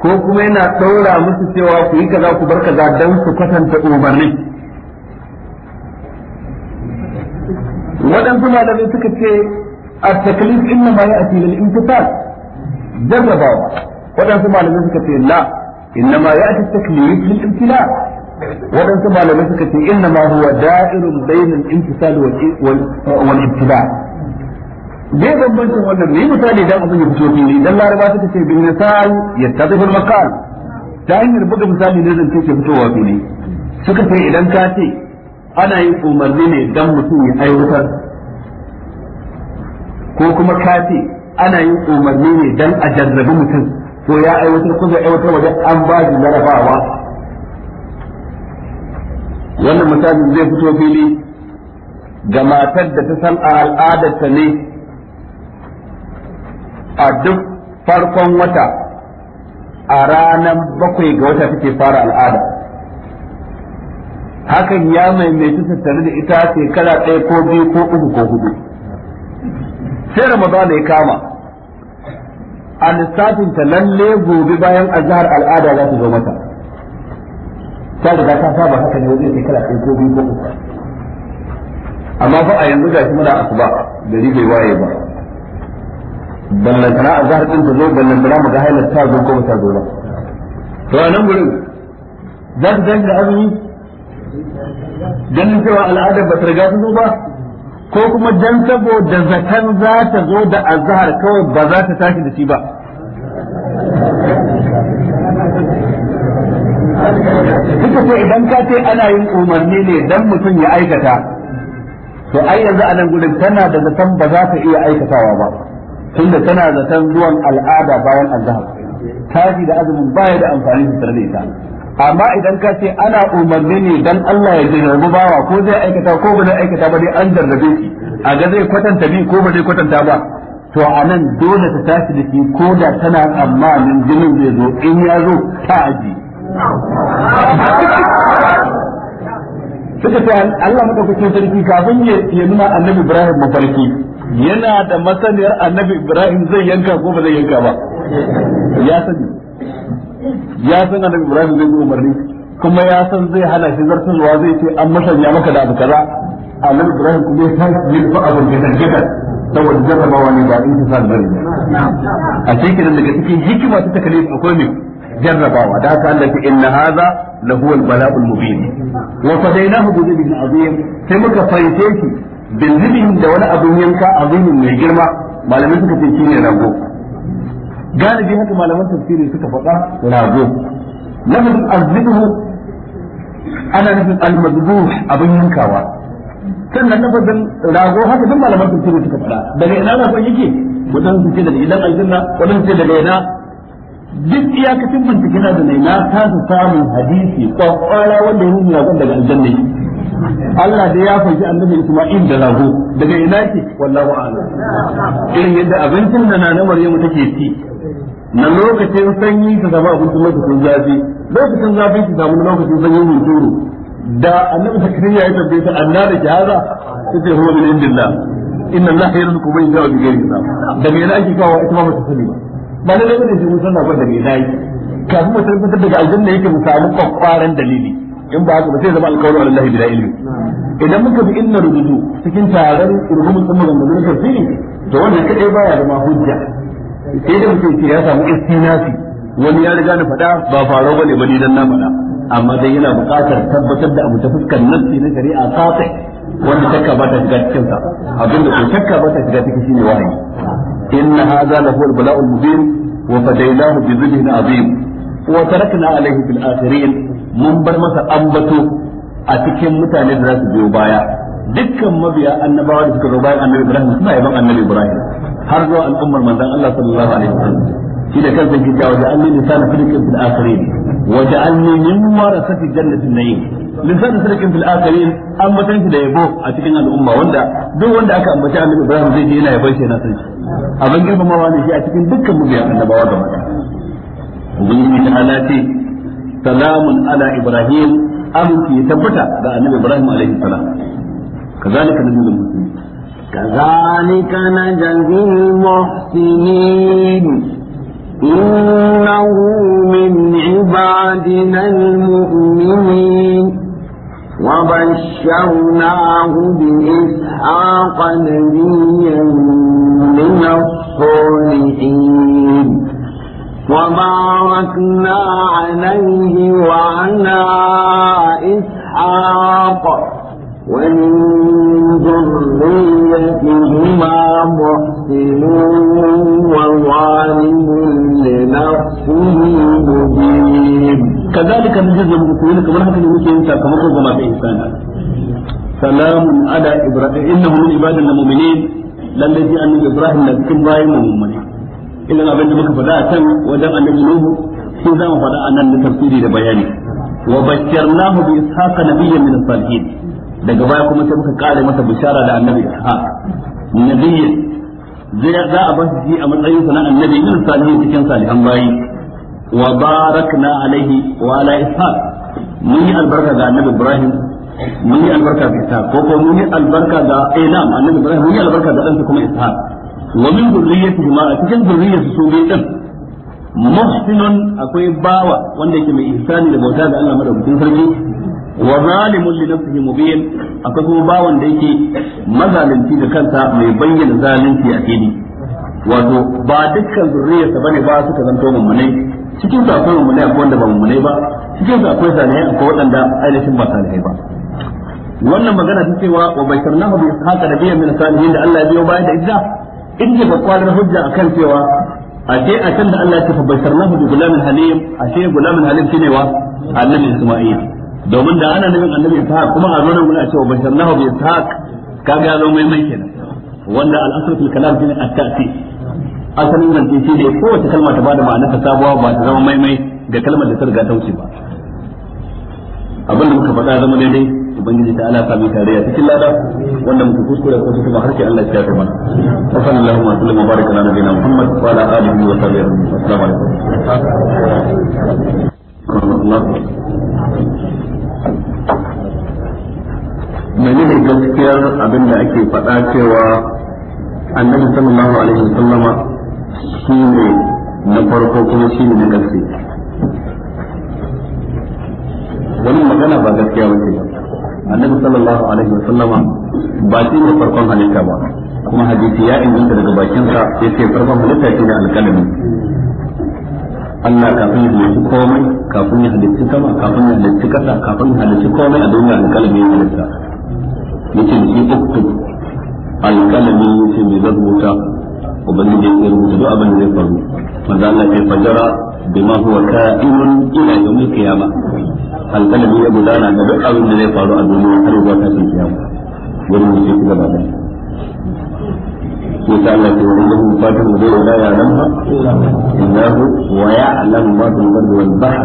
[SPEAKER 2] ko kuma yana ɗora musu cewa ku yi kaza ku bar kaza don su kwatanta umarni waɗansu malamai suka ce at-taklif inna ma ya'ti lil imtithal jarrabawa waɗansu malamai suka ce la inna ma ya'ti at-taklif lil imtila' waɗansu malamai suka ce inna ma huwa da'irun bainal intisal wal ibtida bai bambancin wannan ne misali dan abin da fito fili dan laraba suka ce bin ya yattadifu al maqal ta hanyar buga misali ne zan ce fitowa fili suka ce idan ka ce ana yin umarni ne dan mutum ya aiwatar ko kuma ka ce ana yin umarni ne dan a jarrabi mutum to ya aiwatar ko ya aiwatar wajen an ba shi jarabawa wannan misalin zai fito fili ga matar da ta san a al'adarta ne a duk farkon wata a ranar bakwai ga wata take fara al'ada hakan ya maimaitu tattare da ita shekara ɗaya ko biyu ko uku ko hudu sai ramadana ya kama a lissafinta lalle gobe bayan azhar al'ada za ta zo mata ta riga ta saba haka ne wajen shekara ɗaya ko biyu ko uku amma fa a yanzu gashi muna asuba gari bai waye ba
[SPEAKER 1] ballantana a zahar
[SPEAKER 2] ɗin ta zo ballantana mu ga hailar ta zo ko ba ta zo ba to a nan gurin za ta dangi da azumi ganin cewa al'adar ba ta riga ta zo ba ko kuma dan saboda zakan za ta zo da azhar kawai ba za ta tashi da shi ba
[SPEAKER 1] suka ce idan
[SPEAKER 2] ka ce ana yin umarni ne dan mutum ya aikata to ai yanzu a nan gurin tana da zaton ba za ta iya aikatawa ba tunda tana zaton zuwan al'ada bayan azhar tashi da azumin baya da amfani da tare ita amma idan ka ce ana umarni ne dan Allah ya jarrabu bawa ko zai aikata ko ba zai aikata ba dai an jarrabe shi a ga zai kwatanta bi ko ba zai kwatanta ba to a nan dole ta tashi da shi ko da tana tsammanin jinin zai zo in ya zo ta aji suka ce Allah muka madaukakin sarki kafin ya nuna annabi Ibrahim mafarki yana da masaniyar annabi Ibrahim zai yanka ko ba zai yanka ba ya sani ya san annabi Ibrahim zai yi umarni kuma ya san zai hana shi zartarwa zai ce an masanya maka da abu kaza annabi Ibrahim kuma ya san zai ba abu da tangata saboda jarrabawa ne ba in ta sa bari a cikin daga cikin hikima ta takalifi akwai ne jarrabawa da haka Allah ce inna hadha lahu al-bala'ul mubin wa fadainahu bi dhibin azim sai muka fayyace bin dhibin da wani abun yanka azimin mai girma malamai suka ce shine rago galibi haka malaman tafsiri suka faɗa rago lafazin azbihu ana nufin al-madbuh abun yankawa sannan lafazin rago haka duk malaman tafsiri suka faɗa daga ina yake duk iyakacin bincike na da nai na kasa samun hadisi kwakwara wanda ya nuna zan daga aljanna Allah da ya fanci annabi Isma'il da rago daga ina ce wallahu a'lam irin yadda abincin da na Maryamu take ci na lokacin sanyi ta zama abincin sun zafi lokacin zafi ta zama lokacin sanyi hunturu da annabi Zakariya ya tambaye ta annabi ki haza sai huwa min indillah inna Allah yarzuqu man yasha'u bi ghairi hisab daga ina ake kawo ita ba ta sani ba ba lalle da sai mun san sakon da me nayi kafin mu tabbatar da daga aljanna yake mu kwakwaran dalili in ba haka ba sai zama alƙawarin Allah bila ilmi idan muka bi inna rududu cikin tarar rubumin sun maganganun tafsiri to wannan kadai baya da mahujja. sai da mutum ya samu istinafi wani ya riga na faɗa ba faro bane ba ni dan na faɗa amma dai yana buƙatar tabbatar da abu ta fuskar nassi na shari'a kafai wanda takka ba ta shiga cikin sa abinda ko takka ba ta shiga cikin shine
[SPEAKER 1] wahayi
[SPEAKER 2] إن هذا لهو البلاء المبين وفديناه na عظيم وتركنا عليه في الآخرين من بر مسا أنبتو أتكين متعني ذات بيوبايا dukkan mabiya annabawa da suka zo bayan annabi Ibrahim suna yaban annabi Ibrahim har zuwa al'ummar manzon Allah sallallahu alaihi wasallam shi da kansa yake cewa ja'alni lisana fil akhirin wa ja'alni min warasati jannatin lisan sarkin fil akhirin an matan shi da yabo a cikin al'umma wanda duk wanda aka ambaci annabi Ibrahim zai je yana yabon shi yana sarki abin abin girmamawa ne shi a cikin dukkan mabiya annabawa ga mata ubangiji ta ala ce salamun ala ibrahim aminci ya tabbata da annabi ibrahim alaihi salam kazalika nabiyul muslimin
[SPEAKER 3] كذلك نجزي المحسنين إنه من عبادنا المؤمنين وبشرناه بإسحاق نبيا من الصالحين وباركنا عليه وعلى إسحاق ومن ذريتهما
[SPEAKER 1] محسن
[SPEAKER 3] وظالم لنفسه
[SPEAKER 2] مبين kazalika nujzi al-muqtimin kamar haka ne muke yin sakamakon ga masu ihsani salamun ala ibrahim innahu min ibadina mu'minin lalle ji annabi ibrahim na cikin bayin mu'mini idan abin da muka faɗa a can wajen annabi nuhu shi za mu faɗa a nan da tafsiri da bayani wa bakkirnahu bi ishaqa nabiyyan min as-salihin daga baya kuma sai muka kare masa bishara da annabi ishaq nabiyyan zai za a ba a matsayin sa na annabi min salihin cikin salihan bayi wa barakna alaihi wa ala ishaq mun yi albarka ga annabi ibrahim mun yi albarka ga ishaq ko kuma mun yi albarka ga inam annabi ibrahim mun yi albarka ga ɗansa kuma ishaq wa min zurriyyatihi ma cikin zurriyyarsu su bai din muhsinun akwai bawa wanda yake mai ihsani da bauta ga Allah madaukakin sarki wa zalimun li nafsihi mubin akwai kuma bawan da yake mazalunci da kansa mai bayyana zalunci a fili wato ba dukkan zurriyarsa bane ba suka zanto ne. cikin su akwai mummunai akwai wanda ba mummunai ba cikin su akwai salihai akwai waɗanda ainihin ba salihai ba wannan magana ta cewa wa bai basharnahu bi ishaqa nabiyyan min salihin da Allah ya biyo baya da idda in ji bakwalar hujja akan cewa a je a can da Allah ya tafi basharnahu bi gulamin halim a ce gulamin halim shine wa annabi Isma'il domin da ana nabin annabi Ishaq kuma a zonan gurin a cewa basharnahu bi ishaq kaga ya zo mai mai kenan wanda al-asrul kalam shine at-ta'sis asalin zance shi ne kowace kalma ta bada ma'ana ta sabuwa ba ta zama maimai ga kalmar da ta riga ta wuce ba abin da muka faɗa zama daidai ubangiji ta ala sami tarayya cikin lada wanda muka kuskure ko kuma harke Allah ya tafi mana wa sallallahu wa sallam baraka ala nabiyina muhammad wa ala alihi wa sahbihi assalamu alaikum ne gaskiyar abin da ake faɗa cewa annabi sallallahu alaihi wa sallama shi ne na farko kuma shi ne na ƙarfi wani magana ba gaskiya ba annabi sallallahu alaihi wa sallama ba shi ne farkon halitta ba kuma hadisi ya inganta daga bakinsa ya ce farkon halitta shi ne alƙalami Allah kafin ya halitta komai kafin ya halitta sama kafin ya halitta ƙasa kafin ya halitta komai a duniya alƙalami ya halitta yace shi uktub alƙalami yace mai zarbuta ubangiji ya rubuta duk abin da zai faru manzo Allah ya fajara ma huwa ka'inun ila yawm al-qiyama al alqalbi ya gudana da duk abin da zai faru a duniya har zuwa ta kiyama wannan shi yake gaba da yasa Allah ya yi da fatan da zai daya nan ba Allah wa ya'lamu ma fi fil bardi wal bahr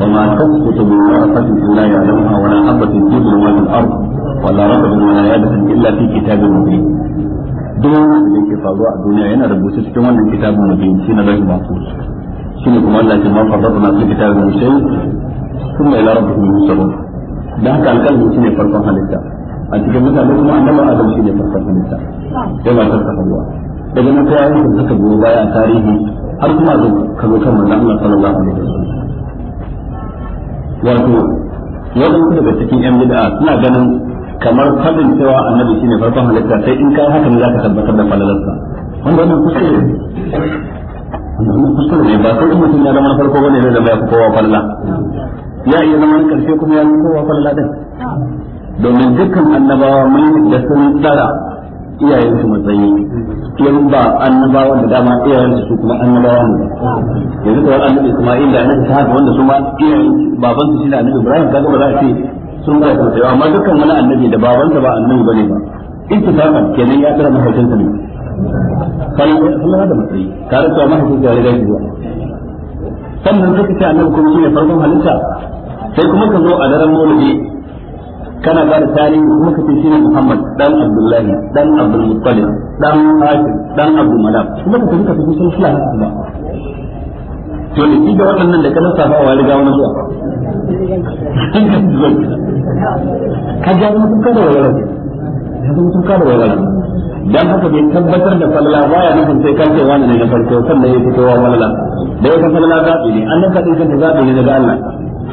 [SPEAKER 2] wa ma tasqutu min warqatin illa ya'lamuha wa la habatin fi al-ard wa la rabbun wa la yadhun illa fi kitabin mubin duk da ke faruwa a duniya yana rubuce cikin wannan kitabun shi na zai shi ne kuma Allah ya ma na kitabun kuma haka alƙalmi shi ne farkon halitta a cikin mutane kuma annabi Adam shi ne farkon halitta faruwa daga suka goyi baya tarihi har kuma kan Allah sallallahu alaihi wato daga cikin yan bid'a suna ganin kamar fadin cewa annabi shine farkon halitta sai in kai haka ne zaka tabbatar da falalarsa wanda wannan kuskure wannan kuskure ne ba sai mutum ya zama farko bane ne da ya kowa falala ya iya zama na karshe kuma ya kowa falala din domin dukkan annabawa mun da sun tsara
[SPEAKER 1] iyayen su matsayi kiyan
[SPEAKER 2] ba annabawa da dama iyayen su kuma annabawa ne yanzu kawai annabi Isma'il da annabi Sa'ad wanda su ma iyayen baban su da annabi Ibrahim kaga ba za a ce sun ba ta tsayawa amma dukkan wani annabi da babansa ba annabi bane ba ittifaqan kenan ya tsara sa ne kana Allah da matsayi ka ta mahaifinsa ya riga zuwa sannan kake ta annabi kuma shine farkon halitta sai kuma ka zo a daren maulidi kana ba da tarihi kuma ka ce shine Muhammad dan Abdullahi dan Abdul Muttalib dan Hashim dan Abu Malak kuma ka tafi ka tafi sun sula ba to ne shi da da kana safa wa riga wani zuwa
[SPEAKER 1] ka ja mutum kada walwala
[SPEAKER 2] ya zama mutum kada walwala dan haka bai tabbatar da ba ya nufin sai kan ce wani ne na farko sannan ya fito wa falala da ya san falala zaɓi ne annan kaɗai kan zaɓi ne daga Allah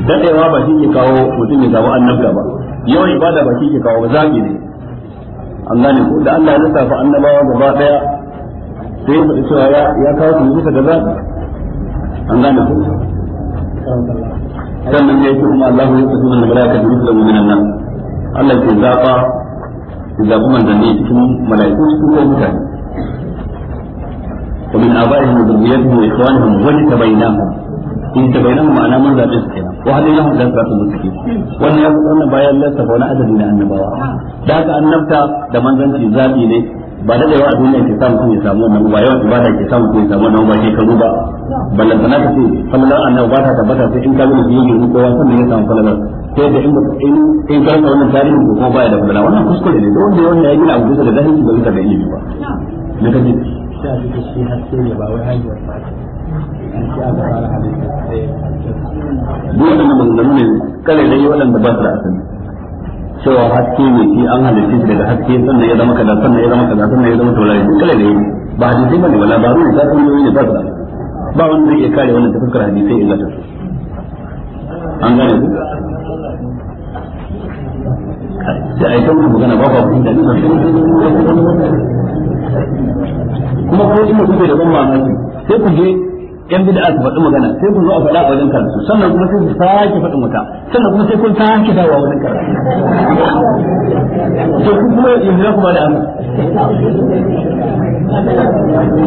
[SPEAKER 2] daɗewa ba shi ke kawo mutum ya samu annabta ba yawan ibada ba shi ke kawo ba zaɓi ne an gane ko da Allah ya lissafa annabawa gaba ɗaya sai ya faɗi cewa ya kawo su bisa ga zaɓi an gane ko sannan ya yi kuma Allah ya tafi mana malaka da musulmi minan nan Allah ke zaba zabi manzanni cikin malaiku cikin ko mutane wa min abaihim wa dhurriyyatihim wa ikhwanihim wa tabainahum in tabainahum ma'ana man zabe su kenan wa hadin lahum dan zatu mutaki wannan ya wannan bayan lissafa wani adadi na annabawa da haka da manzanci zabi ne ba da yawa a duniya ke samu kun ya samu wannan ba yawa ba da ke samu kun ya samu wannan ba ke karu ba ballan sana ta ce kamar sallallahu alaihi ba ta tabbata sai in ka gudu biyu ko wani sannan ya samu falala sai da inda in in ka rasa wannan tarihi ko ba baya da falala wannan kuskure ne da wanda ya wannan ya gina abu bisa da dahin ba bisa da ilimi ba
[SPEAKER 1] ne ka ji shi a cikin shi har sai ya ba wai hajiyar ba eh, duk wannan maganganu ne
[SPEAKER 2] kare da yi da ba su da asali cewa haske ne shi an halitta shi daga haske sannan ya zama kaza sannan ya zama kaza sannan ya zama taurari duk kala ne ba hadisi bane wala ba ruwa ta yoyi ne ba
[SPEAKER 1] ba wanda zai iya kare wannan tafsirar hadisi illa ta an gane ku da ai kawai magana ba ba kun da ni kuma ko ina kuke da ban
[SPEAKER 2] mamaki sai ku je yan bid'a su faɗi magana sai kun zo a faɗa a wajen karatu sannan kuma sai ku sake faɗin wuta sannan kuma sai kun sake dawo a wajen karatu
[SPEAKER 1] to ku kuma yanzu za kuma ba da amsa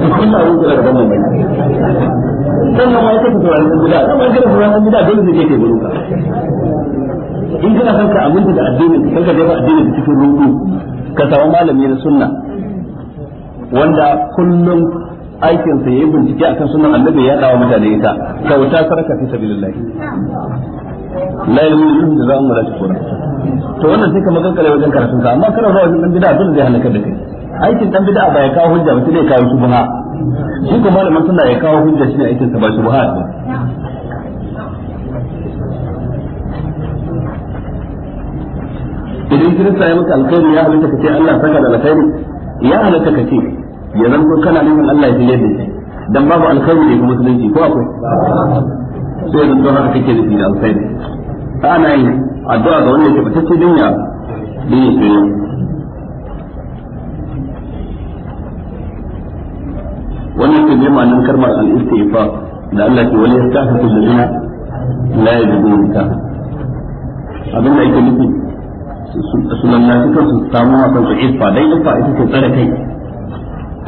[SPEAKER 1] kun na rubuta da gaban mai sannan ma ya kafa tsoron bid'a kuma in kana tsoron bid'a dole zai je kai ka in kana son ka aminta da addinin ka kanka jefa addinin cikin ruɗu
[SPEAKER 2] ka samu malami na sunna wanda kullum aikin sa yayi bincike akan sunan annabi ya dawo mutane ita kyauta sarka fi sabilillah la yu'minu da zamu la shukura to wannan sai ka magankare wajen karatun ka amma kana zuwa wajen bid'a dole zai halaka da kai aikin dan bid'a ba ya kawo hujja ba sai ya kawo shubha shi ko malamin sunna ya kawo hujja shi ne aikin sa ba shubha ba
[SPEAKER 1] idan kirista ya maka alkhairi
[SPEAKER 2] ya halatta ka ce Allah saka da alkhairi ya halatta ka ce ya zanto kana nufin Allah ya shirye yadda shi dan babu alkhairi ne kuma musulunci ko akwai sai zan don haka kake da shi da alkhairi ana yin addu'a ga wanda ke fitacce dunya din ya shirye wannan ke jima nan karmar al-istighfar da Allah ke wani yastahiqu ladina la yajidun ka abin da yake nufi sunan na sukan su samu wasan su ifa dai ifa ita ce tsare kai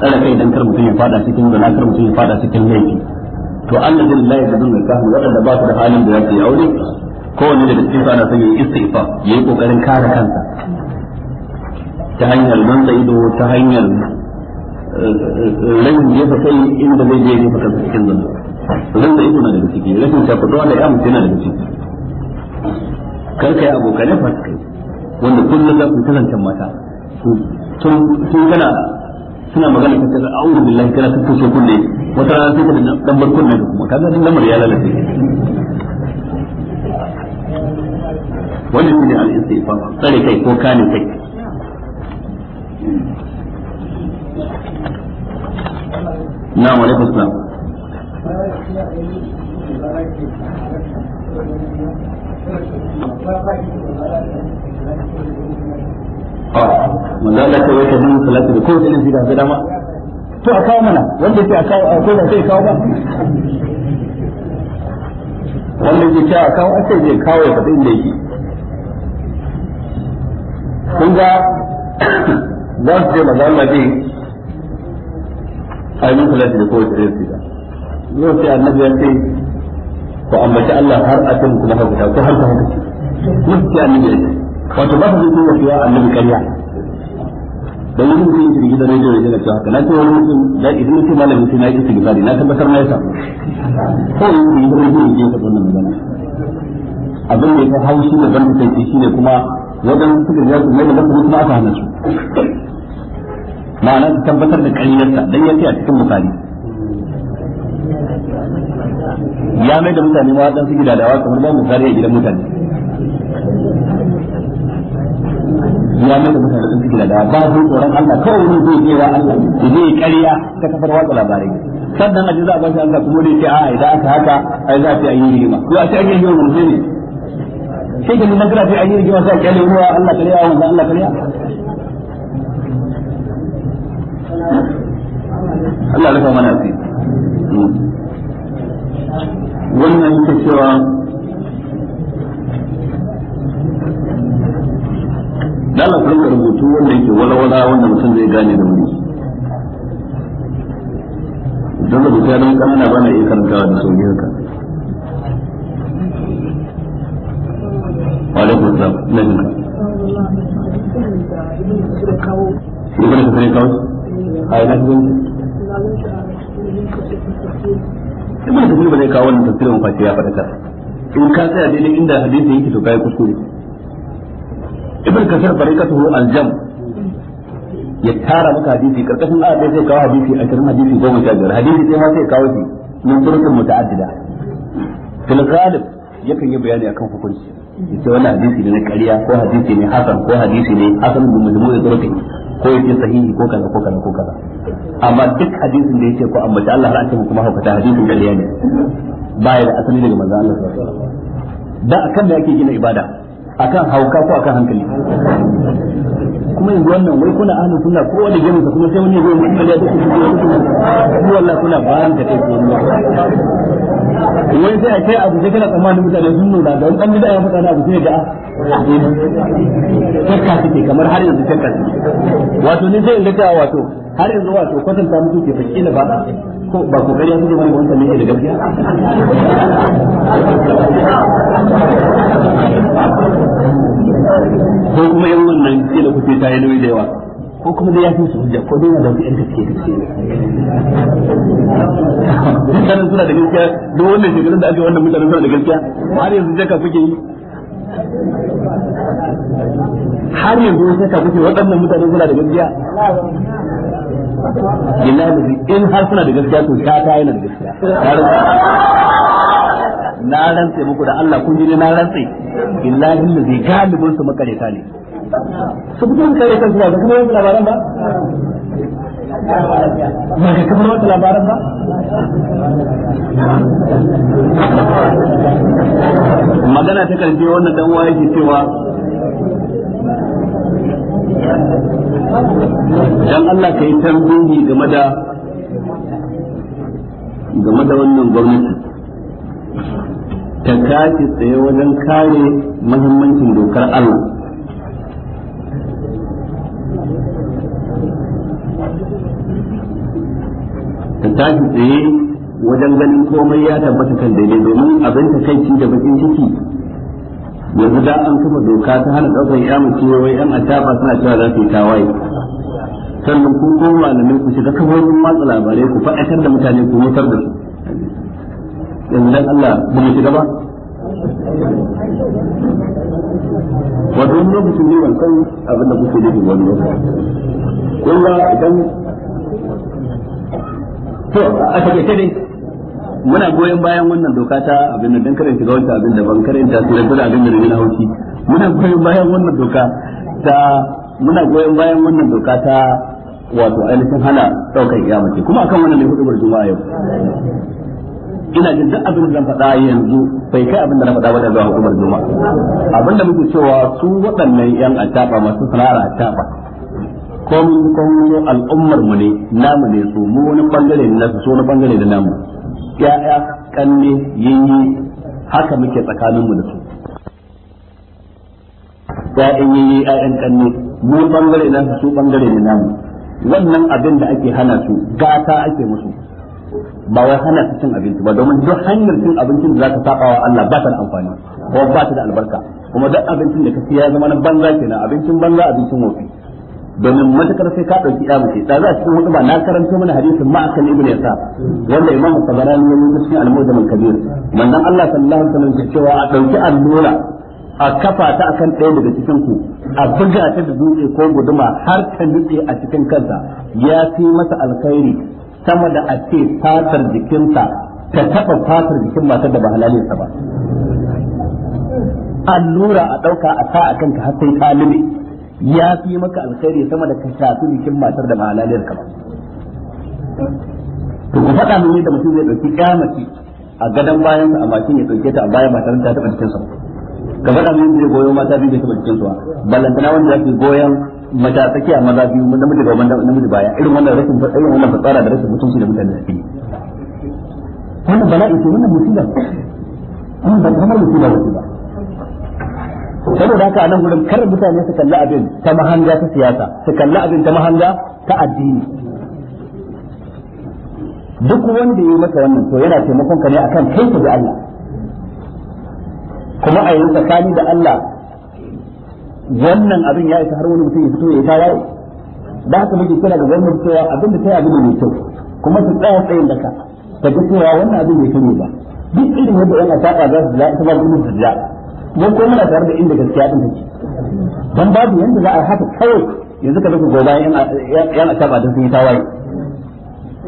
[SPEAKER 2] tsare kai dan kar mutum ya fada cikin zina kar mutum ya fada cikin laifi to Allah zai lillahi da dunga kahu wadanda ba su da halin da ya su yi aure wani daga cikin ana son yayi ya yayi kokarin kare kansa ta hanyar da ido ta hanyar eh, eh, rain jefa kai inda zai je jefa kansa cikin zina zan da ido na daga ciki rashin shafaduwa da yamu yana daga ciki kar ka yi abokanai fasikai wanda kullum za su kasance mata tun kana suna magana ta kaza a'udhu billahi kana ta tushe kunne wata rana sai ka dan bar kunne kuma kaga din lamar ya lalace
[SPEAKER 1] wannan shine al tsare kai ko kane kai Thank you. Ah, manzo Allah ta yake bin salatu da kowace da bid'a ga dama to a kawo mana wanda sai a kawo a ko da sai kawo ba wanda ke cewa kawo ake zai kawo ya faɗi inda yake kun ga
[SPEAKER 2] za su je maza Allah zai ainihin salatu da da irin bid'a yau sai annabi ya ce ko ambaci Allah har a kan kuma haka ko har ta haka ce mutum ya ce wato ba su zai kuma a annabi karya dan wani mutum yake gidan rediyo da cewa haka na ce wani mutum yi idan mutum malamin sai na yi istighfari na tabbatar na yasa ko in yi rediyo ne ya wannan magana abin da ya hau haushi da ban shi ne kuma wajen suka zai su mai da kuma aka hana su ma'ana su tabbatar da kariyarsa dan ya ce a cikin bukari
[SPEAKER 1] ya mai da mutane ma
[SPEAKER 2] waɗansu gidadawa kamar ba mu a gidan mutane
[SPEAKER 1] ya mana mutane sun cikin da ba su tsoron Allah kawai wani zai je wa Allah ya je ƙarya
[SPEAKER 2] ta kafar watsa labarai sannan a jiza za a bashi Allah kuma dai ce a idan aka haka ai za ce ayyuri rigima ko a ce ake yi wa ne
[SPEAKER 1] sai ka nuna kira ce yi rigima sai a kyale ruwa Allah kariya wanda Allah kariya Allah rufa mana asiri hmm. wannan yake cewa dala ku rubutu wanda yake wala wanda mutum zai gane
[SPEAKER 2] da wuri don rubutu ya don kanana ba na iya karantawa da sauki haka
[SPEAKER 1] alaikum salam na jinka ibn kasir kawo a ina cikin ibn kasir ba zai
[SPEAKER 2] kawo wannan tafsirin face ya faɗa ka in ka tsaya daidai inda hadisi yake to kai kuskure ibn kasir tariqatuhu al-jam ya tara maka hadisi karkashin da sai kawo hadisi cikin hadisi 15 hadisi sai ma sai kawo shi min turukin muta'addida fil ghalib yakan yi bayani akan hukunci yace wannan hadisi ne na ƙarya ko hadisi ne hasan ko hadisi ne hasan bin ya turukin ko yace sahihi ko kaza ko kaza ko kaza amma duk hadisin da yace ko amma ta Allah ra'ayi kuma hukata hadisin ƙarya ne baya da asali daga manzon Allah sallallahu alaihi wasallam da akan da yake gina ibada akan hauka ko akan hankali kuma yanzu wannan wai kuna ahlus sunna ko wanda gemu kuma sai wani zai mutum da duk shi wallahi kuna bayan ka kai wai sai a kai abu sai kana tsammanin mutane sun nuna da wani da ya faɗa na abu sai da ah, eh, shakka kike kamar har yanzu shakka wato ne sai in ga wato har yanzu wato kwatanta mutum ke fakila ba ba ku kariya kuke bane wannan ne da gaskiya ko kuma yan wannan kila kuke ta yi nauyi da yawa ko kuma da ya fi su hujja ko dai da su yan gaskiya gaskiya suna da gaskiya duk wannan shekarun da wannan mutanen suna da gaskiya har yanzu jaka kuke yi
[SPEAKER 1] har yanzu sai ka kuke waɗannan mutanen suna da gaskiya billahi in har suna da gaskiya to ta
[SPEAKER 2] ta yana da gaskiya
[SPEAKER 1] na rantse muku da Allah kun ji na rantse billahi zai
[SPEAKER 2] galibin su makareta ne
[SPEAKER 1] su fito da kare kansu ba ga kuma yanzu labaran ba ba ga kamar wasu labaran ba magana ta karfe wannan dan waye yake cewa dan Allah ka yi tambayi game da game da wannan gwamnati
[SPEAKER 2] ta kace tsaye wajen kare muhimmancin dokar Allah ta tashi tsaye wajen ganin komai ya tabbata kan daidai domin abin ta kai da bakin ciki yanzu da an kuma doka ta hana ɗaukar ya mace wai yan ataba suna cewa za su yi tawaye sannan ku ko malamai ku shiga kafofin matsa labarai ku faɗakar da mutane ku mutar da su yanzu dan Allah ba mu shiga ba
[SPEAKER 1] wato wani lokacin ne wancan
[SPEAKER 2] abin da kuke nufi wani lokaci
[SPEAKER 1] kun ga idan
[SPEAKER 2] to a take dai muna goyon bayan wannan doka ta abin da dan karanta ga wata abin da ban karanta su da abin da ne na hauki muna goyon bayan wannan doka ta muna goyon bayan wannan doka ta wato ainihin hana daukar kiyamace kuma akan wannan ne hudubar juma'a yau ina jin duk abin da zan faɗa yanzu bai kai abin da na faɗa ba da zuwa hukumar juma'a abin da muke cewa su waɗannan yan ataba masu sana'ar ataba komin komin al'ummar mu ne namu ne su mu wani bangare ne nasu su wani bangare da namu ya'ya kanne yinyi haka muke tsakanin mu da su ya'yan ya'yan kanne mu bangare na su bangare ne namu wannan abin da ake hana su gata ake musu ba wai hana su cin abinci ba domin duk hanyar cin abincin da za ka saba wa Allah ba ta da amfani kuma ba ta da albarka kuma duk abincin da ka ya zama na banza kenan abincin banza abincin wofi domin matakar sai ka ɗauki ya mace da za a cikin hutuba na karanto mana hadisin ma'akan ibn yasa wanda imam tabarani ya rubuta cikin al-mujam al-kabir manzon Allah sallallahu alaihi wasallam ke cewa a ɗauki allura a kafa ta akan ɗaya daga cikin ku a buga ta da dutse ko guduma har ta nutse a cikin kansa ya fi masa alkhairi sama da a ce fatar jikinsa ta taɓa fatar jikin matar da ba halalinsa ba allura a ɗauka a sa a kanka har sai ya fi maka alkhairi sama da ka shafi jikin matar da ba ka ba to ku faɗa mun yadda mutum zai ɗauki kyamaci a gadon sa a mashin ya ɗauke ta a bayan matar ta taɓa jikinsa ka faɗa mun zai goyo mata biyu bai taɓa jikinsa ba ballantana wanda ya fi goyon mata tsakiya maza biyu namiji da wanda namiji baya irin wannan rashin irin wannan fatsara da rashin mutunci da mutane da suke wannan bala'i ce wannan musiba wannan ba kamar musiba ba saboda haka anan gurin kar mutane su kalli abin ta mahanga ta siyasa su kalli abin ta mahanga ta addini duk wanda ya maka wannan to yana taimakon ka ne akan kai ga Allah kuma a yi tsakani da Allah wannan abin ya isa har wani mutum ya fito ya fara yi da haka muke kira ga gwamnati cewa abin da kai abin mai kyau kuma su tsaya tsayin daka ta ga cewa wannan abin bai kare ba duk irin yadda yana saba za su ja ita ba su ta mun ko muna tare da inda gaskiya din take dan babu yanda za a haka kawai yanzu ka duka goba yan yan asaba da sun yi tawaye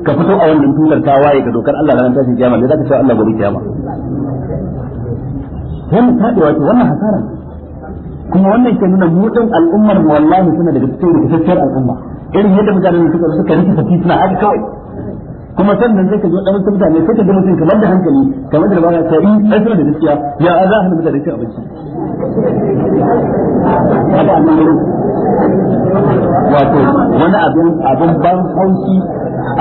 [SPEAKER 2] ka fito a wannan tutar tawaye ga dokar Allah ranar tashin kiyama da zaka ce Allah gobe kiyama ta tadewa ce wannan hasara kuma wannan ke nuna mutan al'ummar mu wallahi suna daga cikin rikitacciyar al'umma irin yadda mutanen suka suka rikita fitina haka kawai kuma sannan zai ka zo dan mutane sai ka ga mutum kamar da hankali kamar da baya sai ai sai da gaskiya ya za a da cin
[SPEAKER 1] abinci wato wani abin abin
[SPEAKER 2] ban hauki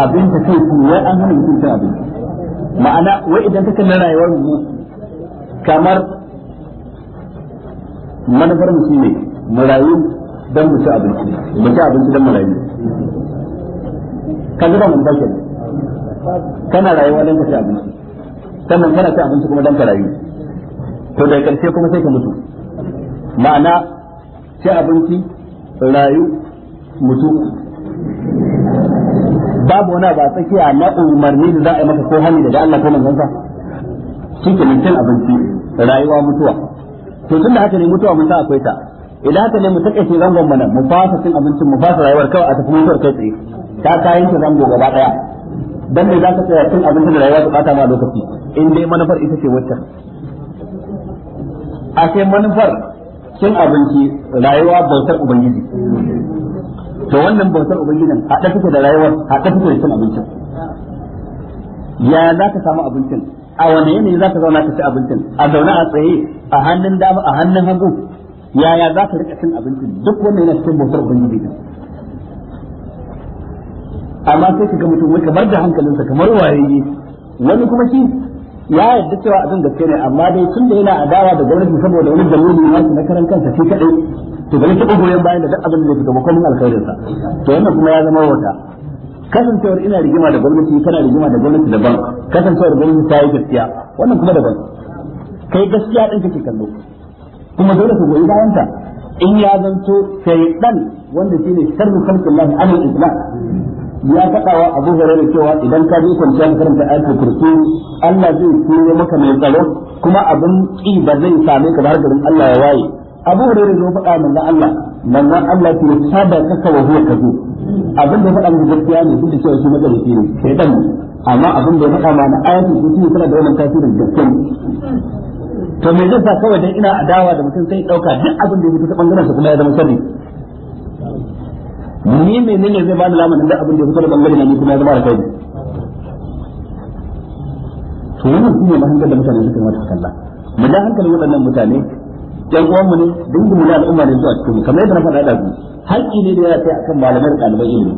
[SPEAKER 2] abin ta kai ku wai an hana mutum cin abinci ma'ana wai idan ka kalli rayuwar mu kamar manufar mu shine mu rayu dan mu ci abinci mu ci abinci dan mu rayu kaga da mun bakin
[SPEAKER 1] kana rayuwa don
[SPEAKER 2] ka ci abinci sannan kana ci abinci kuma dan ka rayu to da karshe kuma sai ka mutu ma'ana ci abinci rayu mutu babu wani ba tsakiya na umarni da za a yi maka ko hannu daga Allah ko manzansa shi ke cin abinci rayuwa mutuwa to tun da haka ne mutuwa mun ta akwai ta idan haka ne mu takaice zangon mana mu fasa cin abincin mu fasa rayuwar kawai a tafi mutuwar kai tsaye ta kayan ta zango gaba daya dan me zaka tsaya cin abinci da rayuwa bukata ma lokaci in dai manufar ita ce wacce a sai manufar cin abinci rayuwa bautar ubangiji to wannan bautar a haɗa take da rayuwar haɗa take da cin abincin ya za ka samu abincin a wani yanayi za ka zauna ka ci abincin a zaune a tsaye a hannun dama a hannun hagu yaya za ka rika cin abincin duk wannan yana cikin bautar ubangiji amma sai ka ga mutum wai kamar da hankalinsa kamar wayayi wani kuma shi ya yarda cewa abin da ne amma dai tun da yana adawa da gwamnati saboda wani dalili na na karan kansa shi kadai to ga shi goyen bayan da duk abin da ke gaba kullun alkhairin to wannan kuma ya zama wata kasancewar ina rigima da gwamnati kana rigima da gwamnati daban kasancewar gwamnati ta yi gaskiya wannan kuma daban kai gaskiya din kake kallo kuma dole ka goyi bayan ta in ya zanto dan wanda shine sharru khalqillah anil islam ya faɗawa Abu Hurairah cewa idan ka je kwanciya karanta ayatul kursi Allah zai tsire maka mai tsaro kuma abin ki ba zai same ka har garin Allah ya waye Abu Hurairah ya faɗa manzo Allah manzo Allah ki saba kaka wa huwa kazu abin da faɗa mu gaskiya ne duk da cewa shi madalci ne sai dan amma abin da ya faɗa mana ayatul kursi tana da wannan tasirin gaskiya to me zai sa kawai dan ina adawa da mutum sai dauka duk abin da ya fito ta bangaren sa kuma ya zama sani. ni menene zai bani lamun da abin da ya fitar bangare na ni kuma zama alkhairi to wannan kuma mahangar da mutane suka mata kalla mu da hankali waɗannan mutane yan uwan mu ne dingin mu da al'umma ne zuwa cikin kamar yadda na faɗa da ku haƙƙi ne da ya sai akan malamai da ɗalibai ilimi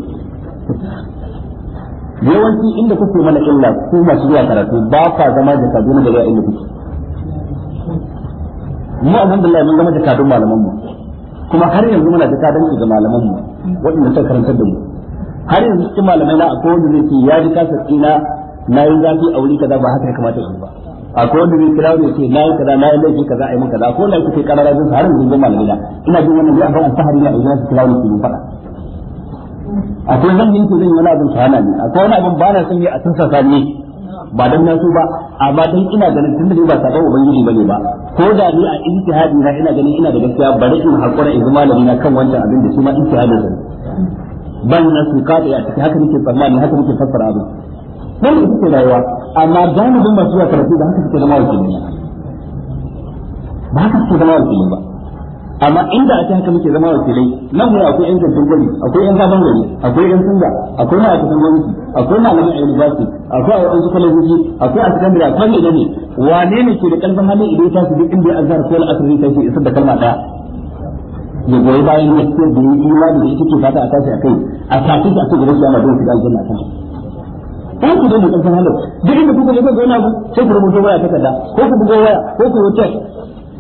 [SPEAKER 2] yawanci inda kuke mana illa ko masu zuwa karatu ba ka zama da kadu na daga inda kuke mu alhamdulillah mun zama da kadun malaman mu kuma har yanzu muna da kadanci ga malaman mu waɗanda suka karantar da mu har yanzu cikin malamai na akwai wanda zai ce ya ji kasar tsina na yi zafi a wuri kaza ba haka ya kamata yi ba akwai wanda zai kira ya ce na yi kaza na yi laifi kaza a yi kaza akwai wanda kuke karara jin har yanzu zama malamai na ina jin wannan ya fara sahari na idan su kira wani su faɗa akwai zan yi zan yi wani abin su hana ni akwai wani abin ba na son yi a tun ne. ba dan na so ba amma dan ina ganin tun da ba sabon ubangiji bane ba ko da ni a ijtihadi na ina ganin ina da gaskiya bari in hakura in malami na kan wancan abin da shi ma ijtihadi ne ban na su ka da cikin haka nake tsammani haka nake fassara abin dan su ke rayuwa amma galibin masu zuwa karatu da haka suke zama wakili ba haka suke zama wakili ba amma inda ake haka muke zama wakilai nan ne akwai yan jantar gari akwai yan sabon gari akwai yan sunga akwai na akwai gwamnati akwai malaman a university akwai a wadansu kwalejoji akwai a sakandare akwai ne ne wane ne ke da karfin hannun idan ta su duk inda ya azhar ko al'asar ta tashi isar da kalma ɗaya? ya goyi bayan gaskiyar da yi imani da ita ke fata a tashi a kai a tashi a gaba gaban yana don su da aljanna kan ba ku da mu karfin hannun duk inda kuka ne zai zo na sai ku rubuta waya kada ko ku buga waya ko ku wuce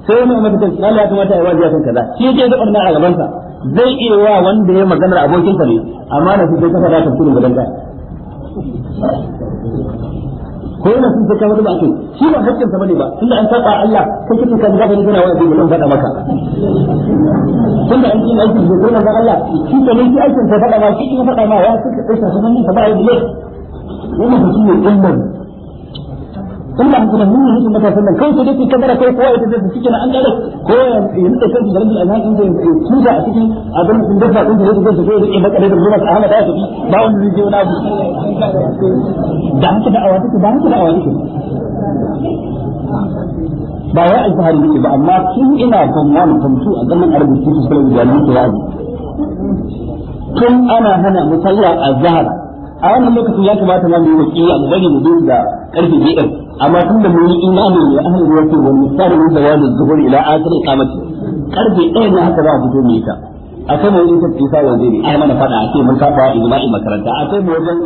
[SPEAKER 2] sai wani mata kan kala ya kamata a yi wajiya kan kaza shi yake da barna a gaban sa. zai iya wa wanda ya maganar abokinsa ne amma na su sai kafa da tafsirin gudan ka ko yana sun sai kamar ba ake shi ba hakkin sa bane ba tunda an saba Allah
[SPEAKER 1] kai kike kan gaba ne kana wani abin da faɗa maka tunda an yi aiki da gurin da Allah shi ka ne shi aikin sa faɗa ma shi ka faɗa ma ya suka kai sa sanin sa ba yi ne wannan shi ne ilmin sun da mutum mun yi maka sallan kai sai dai kamar
[SPEAKER 2] kai kowa ita tafi cikin an dare ko ya yi da kanki da rabbi Allah inda ya tuta a cikin abin
[SPEAKER 1] sun da fadin da yake zai zai maka da zuwa ta hana da shi ba wani zai je wani abu da haka da awati ba haka da awati ba wai alfahari ne ba amma tun ina kan wani kamtu a zaman arziki su sallan da ni ke yaji tun
[SPEAKER 2] ana hana musalla a zahara a wannan lokacin ya kamata ma mu yi wakiya mu bari mu bi da karfi bi din amma tun da mu yi imani ne ahli wasu wal misali min da zuhur ila akhir qamati karfi ɗaya ne haka za a fito mu yi ta akwai mu
[SPEAKER 1] yi ta tsisa wanzu ne ai mana fada a ce mun saba ijma'i makaranta akwai mu wajen